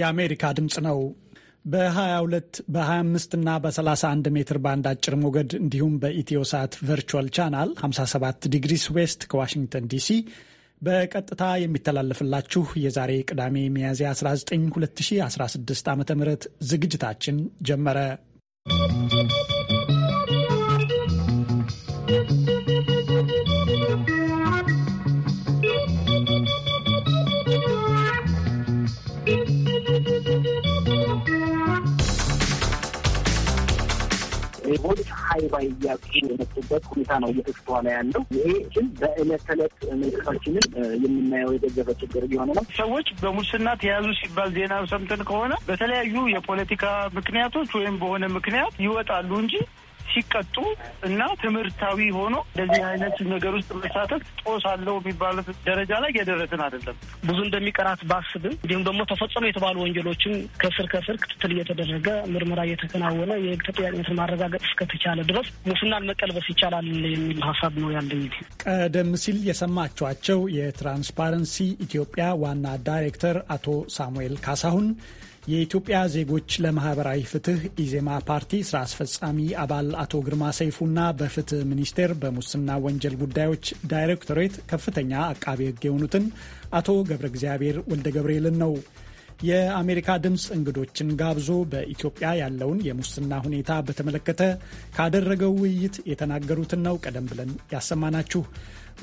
የአሜሪካ ድምፅ ነው። በ22 በ25 እና በ31 ሜትር ባንድ አጭር ሞገድ እንዲሁም በኢትዮሳት ቨርቹዋል ቻናል 57 ዲግሪስ ዌስት ከዋሽንግተን ዲሲ በቀጥታ የሚተላለፍላችሁ የዛሬ ቅዳሜ ሚያዝያ 19 2016 ዓ ም ዝግጅታችን ጀመረ። ሰዎች ሀይባ እያጡ የመጡበት ሁኔታ ነው እየተስተዋለ ያለው። ይሄ ግን በእለት ተዕለት መንግስታችንን የምናየው የገዘፈ ችግር እየሆነ ነው። ሰዎች በሙስና ተያዙ ሲባል ዜና ሰምተን ከሆነ በተለያዩ የፖለቲካ ምክንያቶች ወይም በሆነ ምክንያት ይወጣሉ እንጂ ሲቀጡ እና ትምህርታዊ ሆኖ እንደዚህ አይነት ነገር ውስጥ መሳተፍ ጦስ አለው የሚባሉት ደረጃ ላይ የደረስን አይደለም። ብዙ እንደሚቀራት ባስብም እንዲሁም ደግሞ ተፈጸሙ የተባሉ ወንጀሎችን ከስር ከስር ክትትል እየተደረገ ምርመራ እየተከናወነ የህግ ተጠያቂነትን ማረጋገጥ እስከተቻለ ድረስ ሙስናን መቀልበስ ይቻላል የሚል ሀሳብ ነው ያለኝ። ቀደም ሲል የሰማችኋቸው የትራንስፓረንሲ ኢትዮጵያ ዋና ዳይሬክተር አቶ ሳሙኤል ካሳሁን የኢትዮጵያ ዜጎች ለማህበራዊ ፍትህ ኢዜማ ፓርቲ ስራ አስፈጻሚ አባል አቶ ግርማ ሰይፉና በፍትህ ሚኒስቴር በሙስና ወንጀል ጉዳዮች ዳይሬክቶሬት ከፍተኛ አቃቤ ህግ የሆኑትን አቶ ገብረ እግዚአብሔር ወልደ ገብርኤልን ነው የአሜሪካ ድምፅ እንግዶችን ጋብዞ በኢትዮጵያ ያለውን የሙስና ሁኔታ በተመለከተ ካደረገው ውይይት የተናገሩትን ነው ቀደም ብለን ያሰማናችሁ።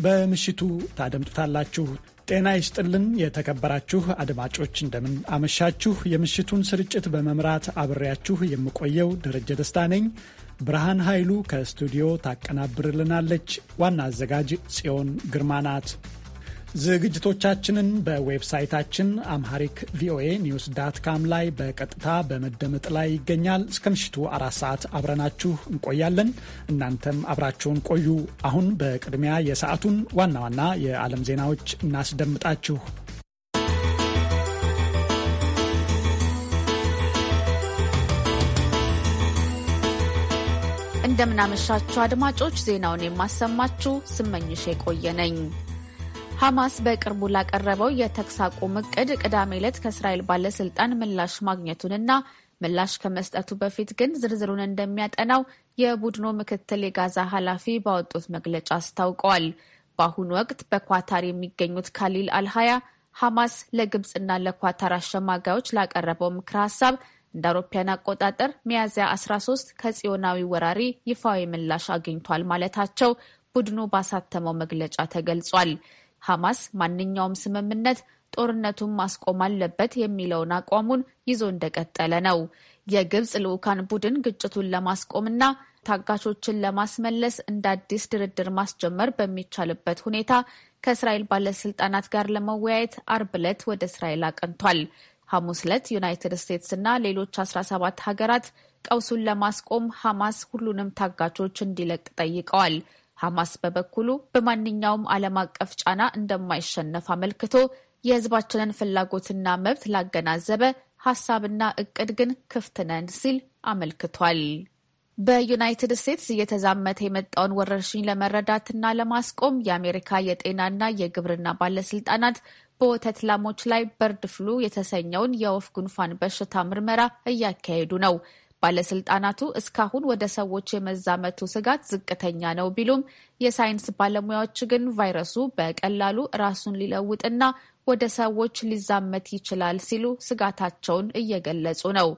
በምሽቱ ታደምጡታላችሁ። ጤና ይስጥልን የተከበራችሁ አድማጮች እንደምን አመሻችሁ። የምሽቱን ስርጭት በመምራት አብሬያችሁ የምቆየው ደረጀ ደስታ ነኝ። ብርሃን ኃይሉ ከስቱዲዮ ታቀናብርልናለች። ዋና አዘጋጅ ጽዮን ግርማ ናት። ዝግጅቶቻችንን በዌብሳይታችን አምሃሪክ ቪኦኤ ኒውስ ዳት ካም ላይ በቀጥታ በመደመጥ ላይ ይገኛል። እስከ ምሽቱ አራት ሰዓት አብረናችሁ እንቆያለን። እናንተም አብራችሁን ቆዩ። አሁን በቅድሚያ የሰዓቱን ዋና ዋና የዓለም ዜናዎች እናስደምጣችሁ። እንደምናመሻችሁ አድማጮች፣ ዜናውን የማሰማችሁ ስመኝሽ የቆየ ነኝ። ሐማስ በቅርቡ ላቀረበው የተኩስ አቁም እቅድ ቅዳሜ ዕለት ከእስራኤል ባለስልጣን ምላሽ ማግኘቱንና ምላሽ ከመስጠቱ በፊት ግን ዝርዝሩን እንደሚያጠናው የቡድኑ ምክትል የጋዛ ኃላፊ ባወጡት መግለጫ አስታውቀዋል። በአሁኑ ወቅት በኳታር የሚገኙት ካሊል አልሀያ ሐማስ ለግብፅና ለኳታር አሸማጋዮች ላቀረበው ምክረ ሀሳብ እንደ አውሮፓያን አቆጣጠር ሚያዝያ 13 ከጽዮናዊ ወራሪ ይፋዊ ምላሽ አግኝቷል ማለታቸው ቡድኑ ባሳተመው መግለጫ ተገልጿል። ሐማስ ማንኛውም ስምምነት ጦርነቱን ማስቆም አለበት የሚለውን አቋሙን ይዞ እንደቀጠለ ነው። የግብፅ ልዑካን ቡድን ግጭቱን ለማስቆምና ታጋቾችን ለማስመለስ እንደ አዲስ ድርድር ማስጀመር በሚቻልበት ሁኔታ ከእስራኤል ባለስልጣናት ጋር ለመወያየት አርብ ዕለት ወደ እስራኤል አቅንቷል። ሐሙስ ዕለት ዩናይትድ ስቴትስ እና ሌሎች 17 ሀገራት ቀውሱን ለማስቆም ሐማስ ሁሉንም ታጋቾች እንዲለቅ ጠይቀዋል። ሐማስ በበኩሉ በማንኛውም ዓለም አቀፍ ጫና እንደማይሸነፍ አመልክቶ የህዝባችንን ፍላጎትና መብት ላገናዘበ ሀሳብና እቅድ ግን ክፍት ነን ሲል አመልክቷል። በዩናይትድ ስቴትስ እየተዛመተ የመጣውን ወረርሽኝ ለመረዳትና ለማስቆም የአሜሪካ የጤናና የግብርና ባለስልጣናት በወተት ላሞች ላይ በርድ ፍሉ የተሰኘውን የወፍ ጉንፋን በሽታ ምርመራ እያካሄዱ ነው። ባለስልጣናቱ እስካሁን ወደ ሰዎች የመዛመቱ ስጋት ዝቅተኛ ነው ቢሉም የሳይንስ ባለሙያዎች ግን ቫይረሱ በቀላሉ ራሱን ሊለውጥና ወደ ሰዎች ሊዛመት ይችላል ሲሉ ስጋታቸውን እየገለጹ ነው።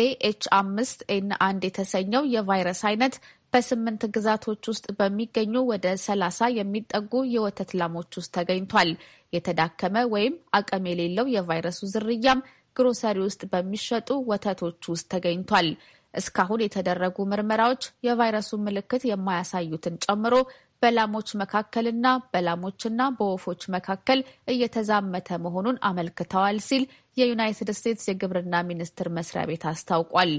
ኤኤች አምስት ኤን አንድ የተሰኘው የቫይረስ አይነት በስምንት ግዛቶች ውስጥ በሚገኙ ወደ ሰላሳ የሚጠጉ የወተት ላሞች ውስጥ ተገኝቷል። የተዳከመ ወይም አቅም የሌለው የቫይረሱ ዝርያም ግሮሰሪ ውስጥ በሚሸጡ ወተቶች ውስጥ ተገኝቷል። እስካሁን የተደረጉ ምርመራዎች የቫይረሱን ምልክት የማያሳዩትን ጨምሮ በላሞች መካከልና በላሞችና በወፎች መካከል እየተዛመተ መሆኑን አመልክተዋል ሲል የዩናይትድ ስቴትስ የግብርና ሚኒስቴር መስሪያ ቤት አስታውቋል።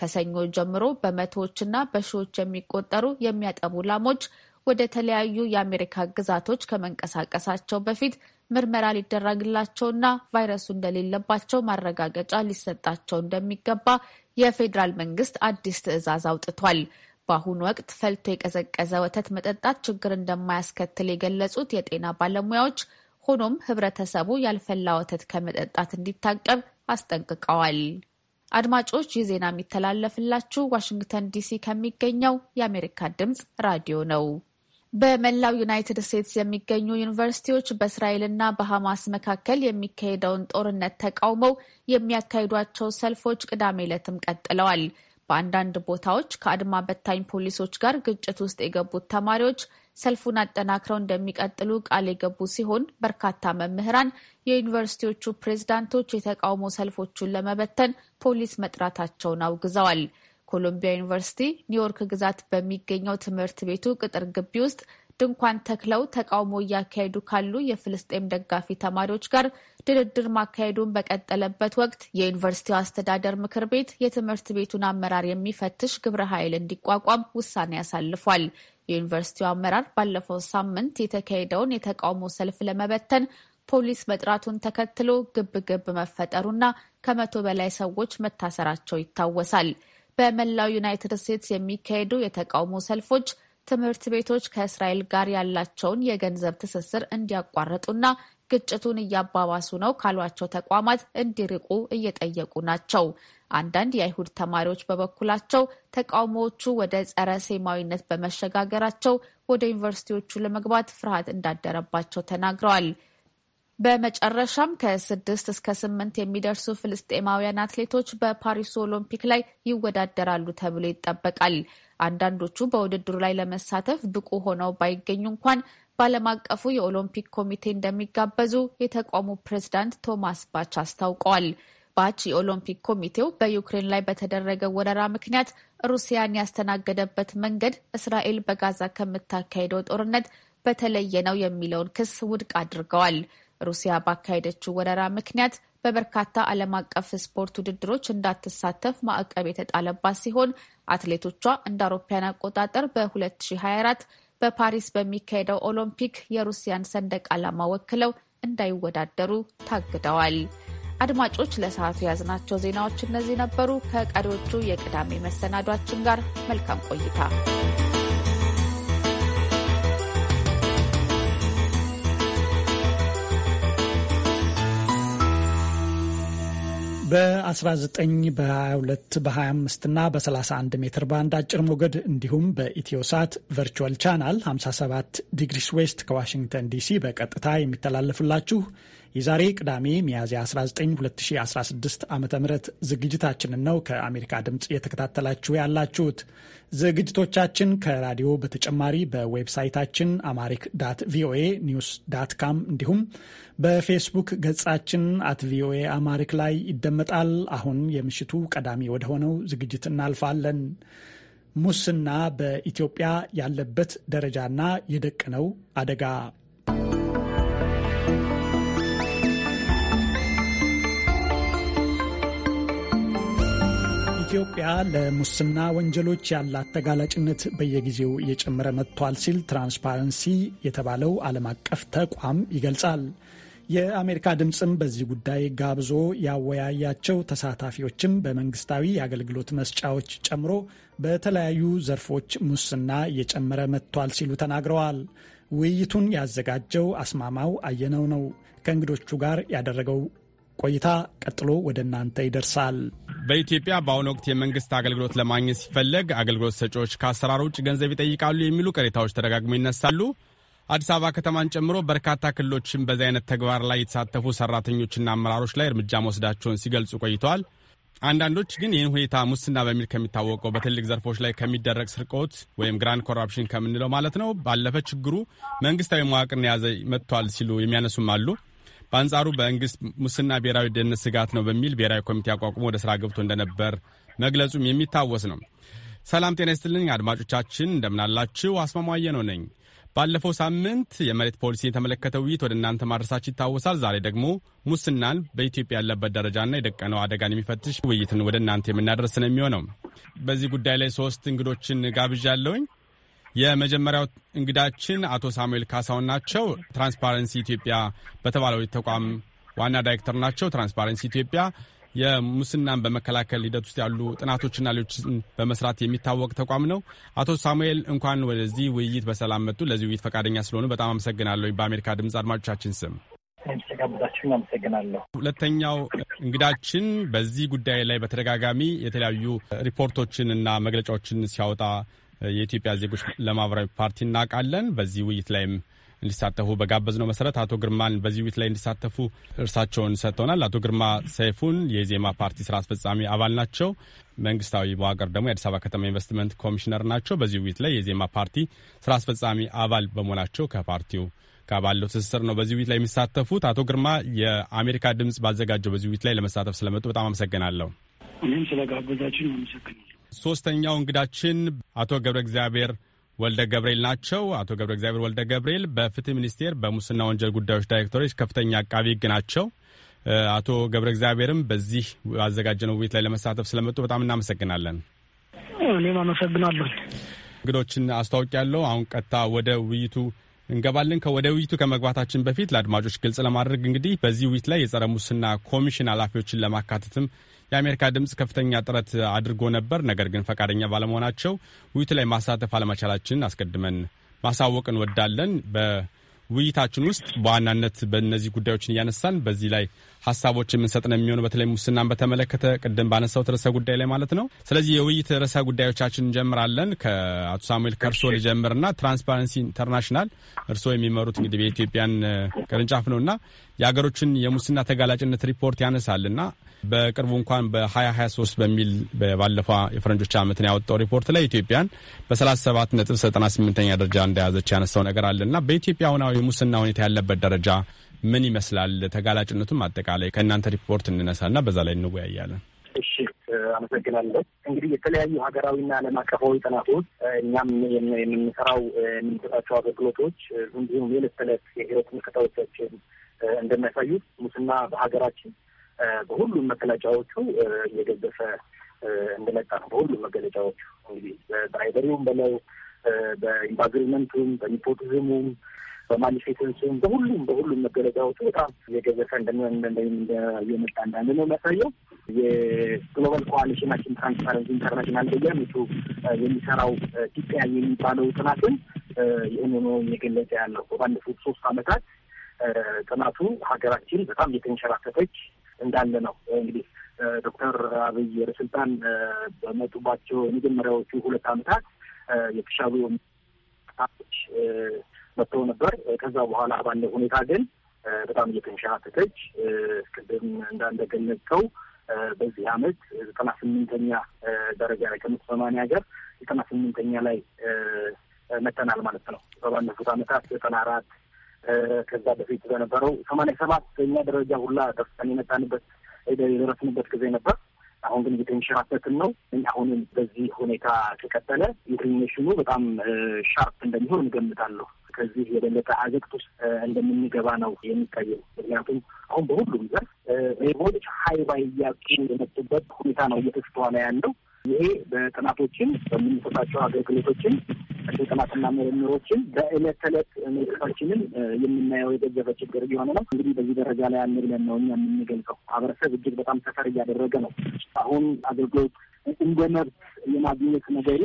ከሰኞ ጀምሮ በመቶዎችና በሺዎች የሚቆጠሩ የሚያጠቡ ላሞች ወደ ተለያዩ የአሜሪካ ግዛቶች ከመንቀሳቀሳቸው በፊት ምርመራ ሊደረግላቸውና ቫይረሱ እንደሌለባቸው ማረጋገጫ ሊሰጣቸው እንደሚገባ የፌዴራል መንግስት አዲስ ትዕዛዝ አውጥቷል። በአሁኑ ወቅት ፈልቶ የቀዘቀዘ ወተት መጠጣት ችግር እንደማያስከትል የገለጹት የጤና ባለሙያዎች፣ ሆኖም ህብረተሰቡ ያልፈላ ወተት ከመጠጣት እንዲታቀብ አስጠንቅቀዋል። አድማጮች ይህ ዜና የሚተላለፍላችሁ ዋሽንግተን ዲሲ ከሚገኘው የአሜሪካ ድምፅ ራዲዮ ነው። በመላው ዩናይትድ ስቴትስ የሚገኙ ዩኒቨርሲቲዎች በእስራኤልና በሐማስ መካከል የሚካሄደውን ጦርነት ተቃውመው የሚያካሂዷቸው ሰልፎች ቅዳሜ ዕለትም ቀጥለዋል። በአንዳንድ ቦታዎች ከአድማ በታኝ ፖሊሶች ጋር ግጭት ውስጥ የገቡት ተማሪዎች ሰልፉን አጠናክረው እንደሚቀጥሉ ቃል የገቡ ሲሆን በርካታ መምህራን የዩኒቨርሲቲዎቹ ፕሬዝዳንቶች የተቃውሞ ሰልፎቹን ለመበተን ፖሊስ መጥራታቸውን አውግዘዋል። ኮሎምቢያ ዩኒቨርሲቲ ኒውዮርክ ግዛት በሚገኘው ትምህርት ቤቱ ቅጥር ግቢ ውስጥ ድንኳን ተክለው ተቃውሞ እያካሄዱ ካሉ የፍልስጤም ደጋፊ ተማሪዎች ጋር ድርድር ማካሄዱን በቀጠለበት ወቅት የዩኒቨርሲቲው አስተዳደር ምክር ቤት የትምህርት ቤቱን አመራር የሚፈትሽ ግብረ ኃይል እንዲቋቋም ውሳኔ ያሳልፏል። የዩኒቨርሲቲው አመራር ባለፈው ሳምንት የተካሄደውን የተቃውሞ ሰልፍ ለመበተን ፖሊስ መጥራቱን ተከትሎ ግብ ግብ መፈጠሩና ከመቶ በላይ ሰዎች መታሰራቸው ይታወሳል። በመላው ዩናይትድ ስቴትስ የሚካሄዱ የተቃውሞ ሰልፎች ትምህርት ቤቶች ከእስራኤል ጋር ያላቸውን የገንዘብ ትስስር እንዲያቋርጡና ግጭቱን እያባባሱ ነው ካሏቸው ተቋማት እንዲርቁ እየጠየቁ ናቸው። አንዳንድ የአይሁድ ተማሪዎች በበኩላቸው ተቃውሞዎቹ ወደ ጸረ ሴማዊነት በመሸጋገራቸው ወደ ዩኒቨርሲቲዎቹ ለመግባት ፍርሃት እንዳደረባቸው ተናግረዋል። በመጨረሻም ከስድስት እስከ ስምንት የሚደርሱ ፍልስጤማውያን አትሌቶች በፓሪስ ኦሎምፒክ ላይ ይወዳደራሉ ተብሎ ይጠበቃል። አንዳንዶቹ በውድድሩ ላይ ለመሳተፍ ብቁ ሆነው ባይገኙ እንኳን በዓለም አቀፉ የኦሎምፒክ ኮሚቴ እንደሚጋበዙ የተቋሙ ፕሬዝዳንት ቶማስ ባች አስታውቀዋል። ባች የኦሎምፒክ ኮሚቴው በዩክሬን ላይ በተደረገ ወረራ ምክንያት ሩሲያን ያስተናገደበት መንገድ እስራኤል በጋዛ ከምታካሄደው ጦርነት በተለየ ነው የሚለውን ክስ ውድቅ አድርገዋል። ሩሲያ ባካሄደችው ወረራ ምክንያት በበርካታ ዓለም አቀፍ ስፖርት ውድድሮች እንዳትሳተፍ ማዕቀብ የተጣለባት ሲሆን አትሌቶቿ እንደ አውሮፓያን አቆጣጠር በ2024 በፓሪስ በሚካሄደው ኦሎምፒክ የሩሲያን ሰንደቅ ዓላማ ወክለው እንዳይወዳደሩ ታግደዋል። አድማጮች፣ ለሰዓቱ የያዝናቸው ዜናዎች እነዚህ ነበሩ። ከቀሪዎቹ የቅዳሜ መሰናዷችን ጋር መልካም ቆይታ በ19 በ22 በ25 እና በ31 ሜትር ባንድ አጭር ሞገድ እንዲሁም በኢትዮሳት ቨርቹዋል ቻናል 57 ዲግሪስ ዌስት ከዋሽንግተን ዲሲ በቀጥታ የሚተላለፍላችሁ የዛሬ ቅዳሜ ሚያዝያ 19 2016 ዓ ም ዝግጅታችንን ነው ከአሜሪካ ድምፅ እየተከታተላችሁ ያላችሁት። ዝግጅቶቻችን ከራዲዮ በተጨማሪ በዌብሳይታችን አማሪክ ዳት ቪኦኤ ኒውስ ዳት ካም እንዲሁም በፌስቡክ ገጻችን አት ቪኦኤ አማሪክ ላይ ይደመጣል። አሁን የምሽቱ ቀዳሚ ወደሆነው ዝግጅት እናልፋለን። ሙስና በኢትዮጵያ ያለበት ደረጃና የደቀነው አደጋ ኢትዮጵያ ለሙስና ወንጀሎች ያላት ተጋላጭነት በየጊዜው እየጨመረ መጥቷል ሲል ትራንስፓረንሲ የተባለው ዓለም አቀፍ ተቋም ይገልጻል። የአሜሪካ ድምፅም በዚህ ጉዳይ ጋብዞ ያወያያቸው ተሳታፊዎችም በመንግስታዊ የአገልግሎት መስጫዎች ጨምሮ በተለያዩ ዘርፎች ሙስና እየጨመረ መጥቷል ሲሉ ተናግረዋል። ውይይቱን ያዘጋጀው አስማማው አየነው ነው። ከእንግዶቹ ጋር ያደረገው ቆይታ ቀጥሎ ወደ እናንተ ይደርሳል። በኢትዮጵያ በአሁኑ ወቅት የመንግስት አገልግሎት ለማግኘት ሲፈለግ አገልግሎት ሰጪዎች ከአሰራር ውጭ ገንዘብ ይጠይቃሉ የሚሉ ቅሬታዎች ተደጋግሞ ይነሳሉ። አዲስ አበባ ከተማን ጨምሮ በርካታ ክልሎችም በዚህ አይነት ተግባር ላይ የተሳተፉ ሰራተኞችና አመራሮች ላይ እርምጃ መውሰዳቸውን ሲገልጹ ቆይተዋል። አንዳንዶች ግን ይህን ሁኔታ ሙስና በሚል ከሚታወቀው በትልቅ ዘርፎች ላይ ከሚደረግ ስርቆት ወይም ግራንድ ኮራፕሽን ከምንለው ማለት ነው ባለፈ ችግሩ መንግስታዊ መዋቅርን የያዘ መጥቷል ሲሉ የሚያነሱም አሉ። በአንጻሩ በመንግስት ሙስና ብሔራዊ ደህንነት ስጋት ነው በሚል ብሔራዊ ኮሚቴ አቋቁሞ ወደ ስራ ገብቶ እንደነበር መግለጹም የሚታወስ ነው። ሰላም ጤና ይስጥልኝ አድማጮቻችን፣ እንደምናላችሁ አስማማየ ነው ነኝ። ባለፈው ሳምንት የመሬት ፖሊሲን የተመለከተ ውይይት ወደ እናንተ ማድረሳችን ይታወሳል። ዛሬ ደግሞ ሙስናን በኢትዮጵያ ያለበት ደረጃና የደቀነው አደጋን የሚፈትሽ ውይይትን ወደ እናንተ የምናደርስ ነው የሚሆነው። በዚህ ጉዳይ ላይ ሶስት እንግዶችን ጋብዣ ያለውኝ። የመጀመሪያው እንግዳችን አቶ ሳሙኤል ካሳውን ናቸው። ትራንስፓረንሲ ኢትዮጵያ በተባለው ተቋም ዋና ዳይሬክተር ናቸው። ትራንስፓረንሲ ኢትዮጵያ የሙስናን በመከላከል ሂደት ውስጥ ያሉ ጥናቶችና ሌሎችን በመስራት የሚታወቅ ተቋም ነው። አቶ ሳሙኤል እንኳን ወደዚህ ውይይት በሰላም መጡ። ለዚህ ውይይት ፈቃደኛ ስለሆኑ በጣም አመሰግናለሁ። በአሜሪካ ድምፅ አድማጮቻችን ስም ስለጋበዛችሁኝ አመሰግናለሁ። ሁለተኛው እንግዳችን በዚህ ጉዳይ ላይ በተደጋጋሚ የተለያዩ ሪፖርቶችን እና መግለጫዎችን ሲያወጣ የኢትዮጵያ ዜጎች ለማህበራዊ ፓርቲ እናውቃለን። በዚህ ውይይት ላይም እንዲሳተፉ በጋበዝነው መሰረት አቶ ግርማን በዚህ ውይይት ላይ እንዲሳተፉ እርሳቸውን ሰጥተውናል። አቶ ግርማ ሰይፉን የዜማ ፓርቲ ስራ አስፈጻሚ አባል ናቸው። መንግስታዊ መዋቅር ደግሞ የአዲስ አበባ ከተማ ኢንቨስትመንት ኮሚሽነር ናቸው። በዚህ ውይይት ላይ የዜማ ፓርቲ ስራ አስፈጻሚ አባል በመሆናቸው ከፓርቲው ጋር ባለው ትስስር ነው በዚህ ውይይት ላይ የሚሳተፉት። አቶ ግርማ የአሜሪካ ድምጽ ባዘጋጀው በዚህ ውይይት ላይ ለመሳተፍ ስለመጡ በጣም አመሰግናለሁ። እኔም ስለጋበዛችን አመሰግናለሁ። ሶስተኛው እንግዳችን አቶ ገብረ እግዚአብሔር ወልደ ገብርኤል ናቸው። አቶ ገብረ እግዚአብሔር ወልደ ገብርኤል በፍትህ ሚኒስቴር በሙስና ወንጀል ጉዳዮች ዳይሬክቶሬት ከፍተኛ አቃቢ ህግ ናቸው። አቶ ገብረ እግዚአብሔርም በዚህ አዘጋጀነው ውይይት ላይ ለመሳተፍ ስለመጡ በጣም እናመሰግናለን። እኔም አመሰግናለሁ። እንግዶችን አስተዋውቅ ያለው አሁን ቀጥታ ወደ ውይይቱ እንገባለን። ከወደ ውይይቱ ከመግባታችን በፊት ለአድማጮች ግልጽ ለማድረግ እንግዲህ በዚህ ውይይት ላይ የጸረ ሙስና ኮሚሽን ኃላፊዎችን ለማካተትም የአሜሪካ ድምፅ ከፍተኛ ጥረት አድርጎ ነበር። ነገር ግን ፈቃደኛ ባለመሆናቸው ውይይቱ ላይ ማሳተፍ አለመቻላችን አስቀድመን ማሳወቅ እንወዳለን። በውይይታችን ውስጥ በዋናነት በእነዚህ ጉዳዮችን እያነሳን በዚህ ላይ ሀሳቦች ነው የሚሆነው በተለይ ሙስናን በተመለከተ ቅድም ባነሳሁት ርዕሰ ጉዳይ ላይ ማለት ነው። ስለዚህ የውይይት ርዕሰ ጉዳዮቻችን እንጀምራለን። ከአቶ ሳሙኤል ከእርሶ ልጀምርና ትራንስፓረንሲ ኢንተርናሽናል እርሶ የሚመሩት እንግዲህ የኢትዮጵያን ቅርንጫፍ ነውና የአገሮችን የሙስና ተጋላጭነት ሪፖርት ያነሳልና በቅርቡ እንኳን በ2023 በሚል ባለፈው የፈረንጆች ዓመትን ያወጣው ሪፖርት ላይ ኢትዮጵያን በ37 ነጥብ 98ኛ ደረጃ እንደያዘች ያነሳው ነገር አለና በኢትዮጵያ አሁናዊ የሙስና ሁኔታ ያለበት ደረጃ ምን ይመስላል? ተጋላጭነቱም አጠቃላይ ከእናንተ ሪፖርት እንነሳና በዛ ላይ እንወያያለን። እሺ፣ አመሰግናለሁ። እንግዲህ የተለያዩ ሀገራዊና ዓለም አቀፋዊ ጥናቶች እኛም የምንሰራው የምንሰጣቸው አገልግሎቶች እንዲሁም የዕለት ተዕለት የህይወት ምልከታዎቻችን እንደሚያሳዩት ሙስና በሀገራችን በሁሉም መገለጫዎቹ እየገዘፈ እንደመጣ ነው። በሁሉም መገለጫዎቹ እንግዲህ በራይበሪውም በለው በኢንቫግሪመንቱም በኒፖቲዝሙም፣ በማኒፌስቱም በሁሉም በሁሉም መገለጫዎቹ በጣም እየገዘፈ እየመጣ እንዳለ ነው የሚያሳየው። የግሎባል ኮዋሊሽናችን ትራንስፓረንሲ ኢንተርናሽናል በየዓመቱ የሚሰራው ኢትዮጵያ የሚባለው ጥናትን ይህን ሆኖ እየገለጸ ያለው በባለፉት ሶስት አመታት ጥናቱ ሀገራችን በጣም የተንሸራተተች እንዳለ ነው። እንግዲህ ዶክተር አብይ ወደ ስልጣን በመጡባቸው የመጀመሪያዎቹ ሁለት አመታት የተሻሉ ች መጥተው ነበር። ከዛ በኋላ ባለው ሁኔታ ግን በጣም እየተንሸራተተች ቅድም እንዳንደገለጽከው በዚህ አመት ዘጠና ስምንተኛ ደረጃ ላይ ከመቶ ሰማንያ ሀገር ዘጠና ስምንተኛ ላይ መተናል ማለት ነው። በባለፉት አመታት ዘጠና አራት ከዛ በፊት በነበረው ሰማንያ ሰባተኛ ደረጃ ሁላ ደርሰን የመጣንበት የደረስንበት ጊዜ ነበር። አሁን ግን እየተንሸራተትን ነው። አሁንም በዚህ ሁኔታ ከቀጠለ ኢንክሊኔሽኑ በጣም ሻርፕ እንደሚሆን እንገምታለሁ። ከዚህ የበለጠ አዘቅት ውስጥ እንደምንገባ ነው የሚታየው። ምክንያቱም አሁን በሁሉም ዘርፍ ሬቦች ሀይ ባይ እያጡ የመጡበት ሁኔታ ነው እየተስተዋለ ያለው። ይሄ በጥናቶችን በምንሰጣቸው አገልግሎቶችን ጥናትና ምርምሮችን በእለት ተዕለት ምልክታችንን የምናየው የገዘፈ ችግር እየሆነ ነው። እንግዲህ በዚህ ደረጃ ላይ አለ ብለን ነው እኛ የምንገልጸው። ማህበረሰብ እጅግ በጣም ሰፈር እያደረገ ነው። አሁን አገልግሎት እንደ መብት የማግኘት ነገሩ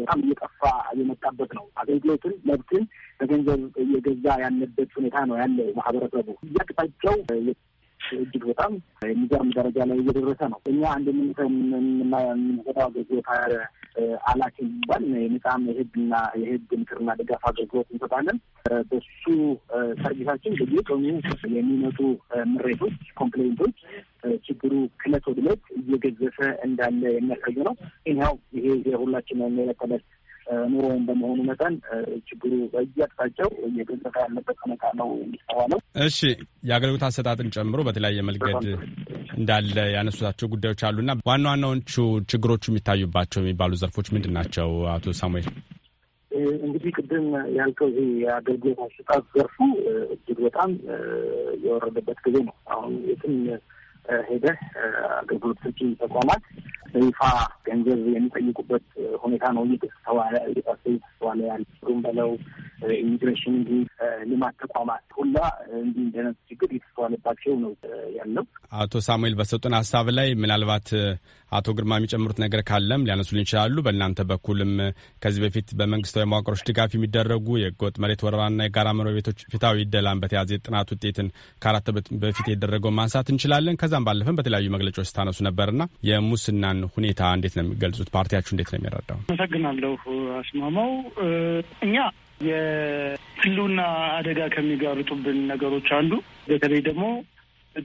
በጣም እየጠፋ የመጣበት ነው። አገልግሎትን መብትን በገንዘብ እየገዛ ያለበት ሁኔታ ነው ያለው ማህበረሰቡ እያቅጣጫው ሰዎች እጅግ በጣም የሚገርም ደረጃ ላይ እየደረሰ ነው። እኛ አንድ የምንሰጠው አገልግሎት አላኪ የሚባል የነጻም የህግና የህግ ምክርና ድጋፍ አገልግሎት እንሰጣለን። በሱ ሰርቪሳችን በየቀኑ የሚመጡ ምሬቶች፣ ኮምፕሌንቶች ችግሩ ክለት ወድለት ዕለት እየገዘፈ እንዳለ የሚያሳዩ ነው። ይኸው ይሄ የሁላችን የዕለት ኑሮውን በመሆኑ መጠን ችግሩ በየአቅጣጫው እየገዘፈ ያለበት ሁኔታ ነው የሚስተዋለው። እሺ፣ የአገልግሎት አሰጣጥን ጨምሮ በተለያየ መልገድ እንዳለ ያነሱታቸው ጉዳዮች አሉና ዋና ዋናዎቹ ችግሮቹ የሚታዩባቸው የሚባሉ ዘርፎች ምንድን ናቸው? አቶ ሳሙኤል እንግዲህ ቅድም ያልከው ይህ የአገልግሎት አሰጣጥ ዘርፉ እጅግ በጣም የወረደበት ጊዜ ነው። አሁን የትም ሄደህ አገልግሎት ሰጪ ተቋማት በይፋ ገንዘብ የሚጠይቁበት ሁኔታ ነው እየተስተዋለ እየተስተዋለ ያለ ሩም በለው ኢሚግሬሽን እንዲ ልማት ተቋማት ሁላ እንዲ እንደነሱ ችግር እየተስተዋለባቸው ነው ያለው። አቶ ሳሙኤል በሰጡን ሀሳብ ላይ ምናልባት አቶ ግርማ የሚጨምሩት ነገር ካለም ሊያነሱልን ይችላሉ። በእናንተ በኩልም ከዚህ በፊት በመንግስታዊ መዋቅሮች ድጋፍ የሚደረጉ የህገወጥ መሬት ወረራና የጋራ መኖሪያ ቤቶች ፊታዊ ደላን በተያዘ የጥናት ውጤትን ከአራት በፊት የደረገው ማንሳት እንችላለን። ከዛም ባለፈን በተለያዩ መግለጫዎች ስታነሱ ነበርና የሙስናን ሁኔታ እንዴት ነው የሚገልጹት? ፓርቲያችሁ እንዴት ነው የሚረዳው? አመሰግናለሁ አስማማው። እኛ የህልውና አደጋ ከሚጋርጡብን ነገሮች አንዱ በተለይ ደግሞ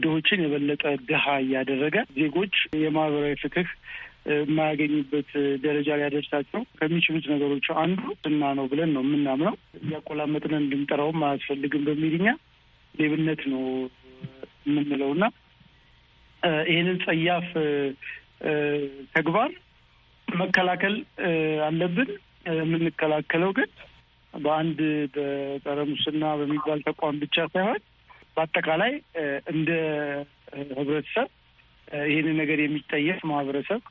ድሆችን የበለጠ ድሃ እያደረገ ዜጎች የማህበራዊ ፍትህ የማያገኙበት ደረጃ ሊያደርሳቸው ከሚችሉት ነገሮች አንዱ እና ነው ብለን ነው የምናምነው። እያቆላመጥን እንድንጠራውም አያስፈልግም በሚልኛ ሌብነት ነው የምንለው እና ይህንን ጸያፍ ተግባር መከላከል አለብን። የምንከላከለው ግን በአንድ በጸረ ሙስና በሚባል ተቋም ብቻ ሳይሆን በአጠቃላይ እንደ ህብረተሰብ ይህንን ነገር የሚጠየፍ ማህበረሰብ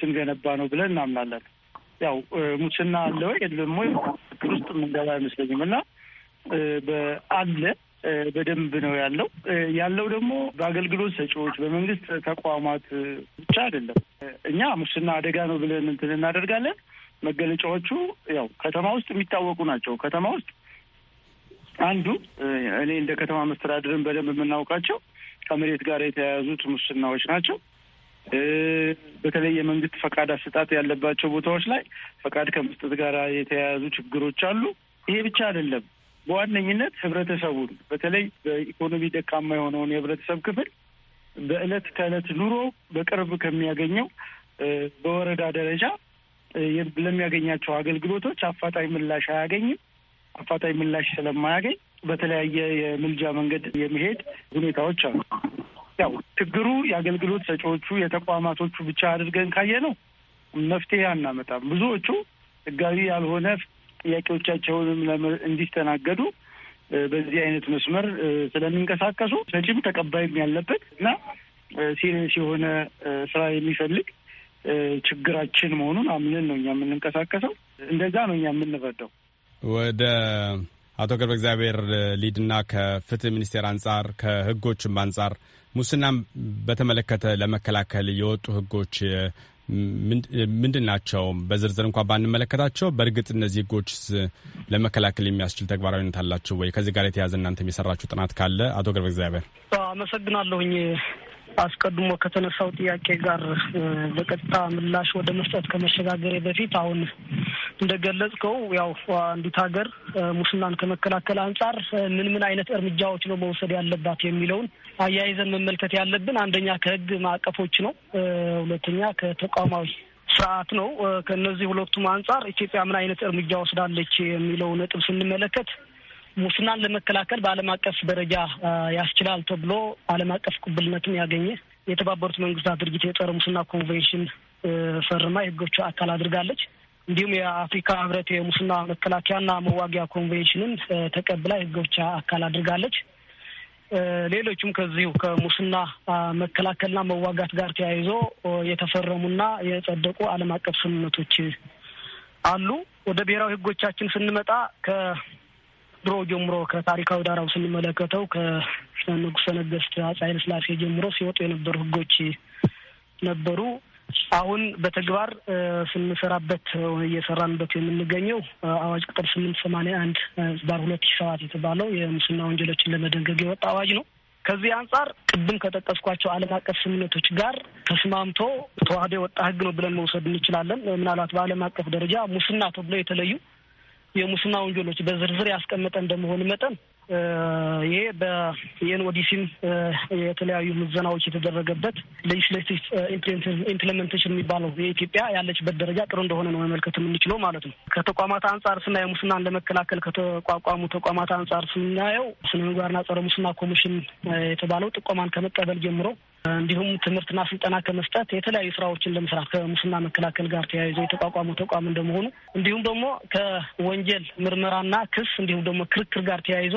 ስንገነባ ነው ብለን እናምናለን። ያው ሙስና አለ ወይ ደግሞ ክል ውስጥ የምንገባ አይመስለኝም እና በአለ በደንብ ነው ያለው። ያለው ደግሞ በአገልግሎት ሰጪዎች፣ በመንግስት ተቋማት ብቻ አይደለም። እኛ ሙስና አደጋ ነው ብለን እንትን እናደርጋለን። መገለጫዎቹ ያው ከተማ ውስጥ የሚታወቁ ናቸው። ከተማ ውስጥ አንዱ እኔ እንደ ከተማ መስተዳድርን በደንብ የምናውቃቸው ከመሬት ጋር የተያያዙት ሙስናዎች ናቸው። በተለይ የመንግስት ፈቃድ አሰጣጥ ያለባቸው ቦታዎች ላይ ፈቃድ ከመስጠት ጋር የተያያዙ ችግሮች አሉ። ይሄ ብቻ አይደለም። በዋነኝነት ህብረተሰቡን በተለይ በኢኮኖሚ ደካማ የሆነውን የህብረተሰብ ክፍል በእለት ከእለት ኑሮ በቅርብ ከሚያገኘው በወረዳ ደረጃ ለሚያገኛቸው አገልግሎቶች አፋጣኝ ምላሽ አያገኝም። አፋጣኝ ምላሽ ስለማያገኝ በተለያየ የምልጃ መንገድ የሚሄድ ሁኔታዎች አሉ። ያው ችግሩ የአገልግሎት ሰጪዎቹ የተቋማቶቹ ብቻ አድርገን ካየ ነው መፍትሄ አናመጣም። ብዙዎቹ ህጋዊ ያልሆነ ጥያቄዎቻቸውንም እንዲስተናገዱ በዚህ አይነት መስመር ስለሚንቀሳቀሱ ሰጪም ተቀባይም ያለበት እና ሲሪየስ የሆነ ስራ የሚፈልግ ችግራችን መሆኑን አምነን ነው እኛ የምንንቀሳቀሰው። እንደዛ ነው እኛ የምንረዳው። ወደ አቶ ገብረ እግዚአብሔር ሊድና ከፍትህ ሚኒስቴር አንጻር ከህጎችም አንጻር ሙስናም በተመለከተ ለመከላከል የወጡ ህጎች ምንድን ናቸው? በዝርዝር እንኳን ባንመለከታቸው በእርግጥ እነዚህ ህጎች ለመከላከል የሚያስችል ተግባራዊነት አላቸው ወይ? ከዚህ ጋር የተያዘ እናንተ የሰራችሁ ጥናት ካለ አቶ ገብረ እግዚአብሔር። አመሰግናለሁኝ አስቀድሞ ከተነሳው ጥያቄ ጋር በቀጥታ ምላሽ ወደ መስጠት ከመሸጋገሬ በፊት አሁን እንደገለጽከው ያው አንዲት ሀገር ሙስናን ከመከላከል አንጻር ምን ምን አይነት እርምጃዎች ነው መውሰድ ያለባት የሚለውን አያይዘን መመልከት ያለብን አንደኛ ከህግ ማዕቀፎች ነው። ሁለተኛ ከተቋማዊ ስርዓት ነው። ከእነዚህ ሁለቱም አንጻር ኢትዮጵያ ምን አይነት እርምጃ ወስዳለች የሚለው ነጥብ ስንመለከት ሙስናን ለመከላከል በዓለም አቀፍ ደረጃ ያስችላል ተብሎ ዓለም አቀፍ ቁብልነትም ያገኘ የተባበሩት መንግስታት ድርጅት የጸረ ሙስና ኮንቬንሽን ፈርማ የህጎቹ አካል አድርጋለች። እንዲሁም የአፍሪካ ህብረት የሙስና መከላከያና መዋጊያ ኮንቬንሽንን ተቀብላ የህጎቹ አካል አድርጋለች። ሌሎቹም ከዚሁ ከሙስና መከላከልና መዋጋት ጋር ተያይዞ የተፈረሙና የጸደቁ ዓለም አቀፍ ስምምነቶች አሉ። ወደ ብሔራዊ ህጎቻችን ስንመጣ ድሮ ጀምሮ ከታሪካዊ ዳራው ስንመለከተው ከንጉሰ ነገስት አፄ ኃይለ ሥላሴ ጀምሮ ሲወጡ የነበሩ ህጎች ነበሩ። አሁን በተግባር ስንሰራበት እየሰራንበት የምንገኘው አዋጅ ቁጥር ስምንት ሰማንያ አንድ ህዝባር ሁለት ሺ ሰባት የተባለው የሙስና ወንጀሎችን ለመደንገግ የወጣ አዋጅ ነው። ከዚህ አንጻር ቅድም ከጠቀስኳቸው ዓለም አቀፍ ስምምነቶች ጋር ተስማምቶ ተዋህዶ የወጣ ህግ ነው ብለን መውሰድ እንችላለን። ምናልባት በዓለም አቀፍ ደረጃ ሙስና ተብሎ የተለዩ የሙስና ወንጀሎች በዝርዝር ያስቀመጠ እንደመሆን መጠን ይሄ በዩኤን ኦዲሲም የተለያዩ ምዘናዎች የተደረገበት ሌጅስሌቲቭ ኢምፕሊመንቴሽን የሚባለው የኢትዮጵያ ያለችበት ደረጃ ጥሩ እንደሆነ ነው መመልከት የምንችለው ማለት ነው። ከተቋማት አንጻር ስናየው ሙስናን ለመከላከል ከተቋቋሙ ተቋማት አንጻር ስናየው ስነ ምግባርና ጸረ ሙስና ኮሚሽን የተባለው ጥቆማን ከመቀበል ጀምሮ እንዲሁም ትምህርትና ስልጠና ከመስጠት የተለያዩ ስራዎችን ለመስራት ከሙስና መከላከል ጋር ተያይዞ የተቋቋመ ተቋም እንደመሆኑ እንዲሁም ደግሞ ከወንጀል ምርመራና ክስ እንዲሁም ደግሞ ክርክር ጋር ተያይዞ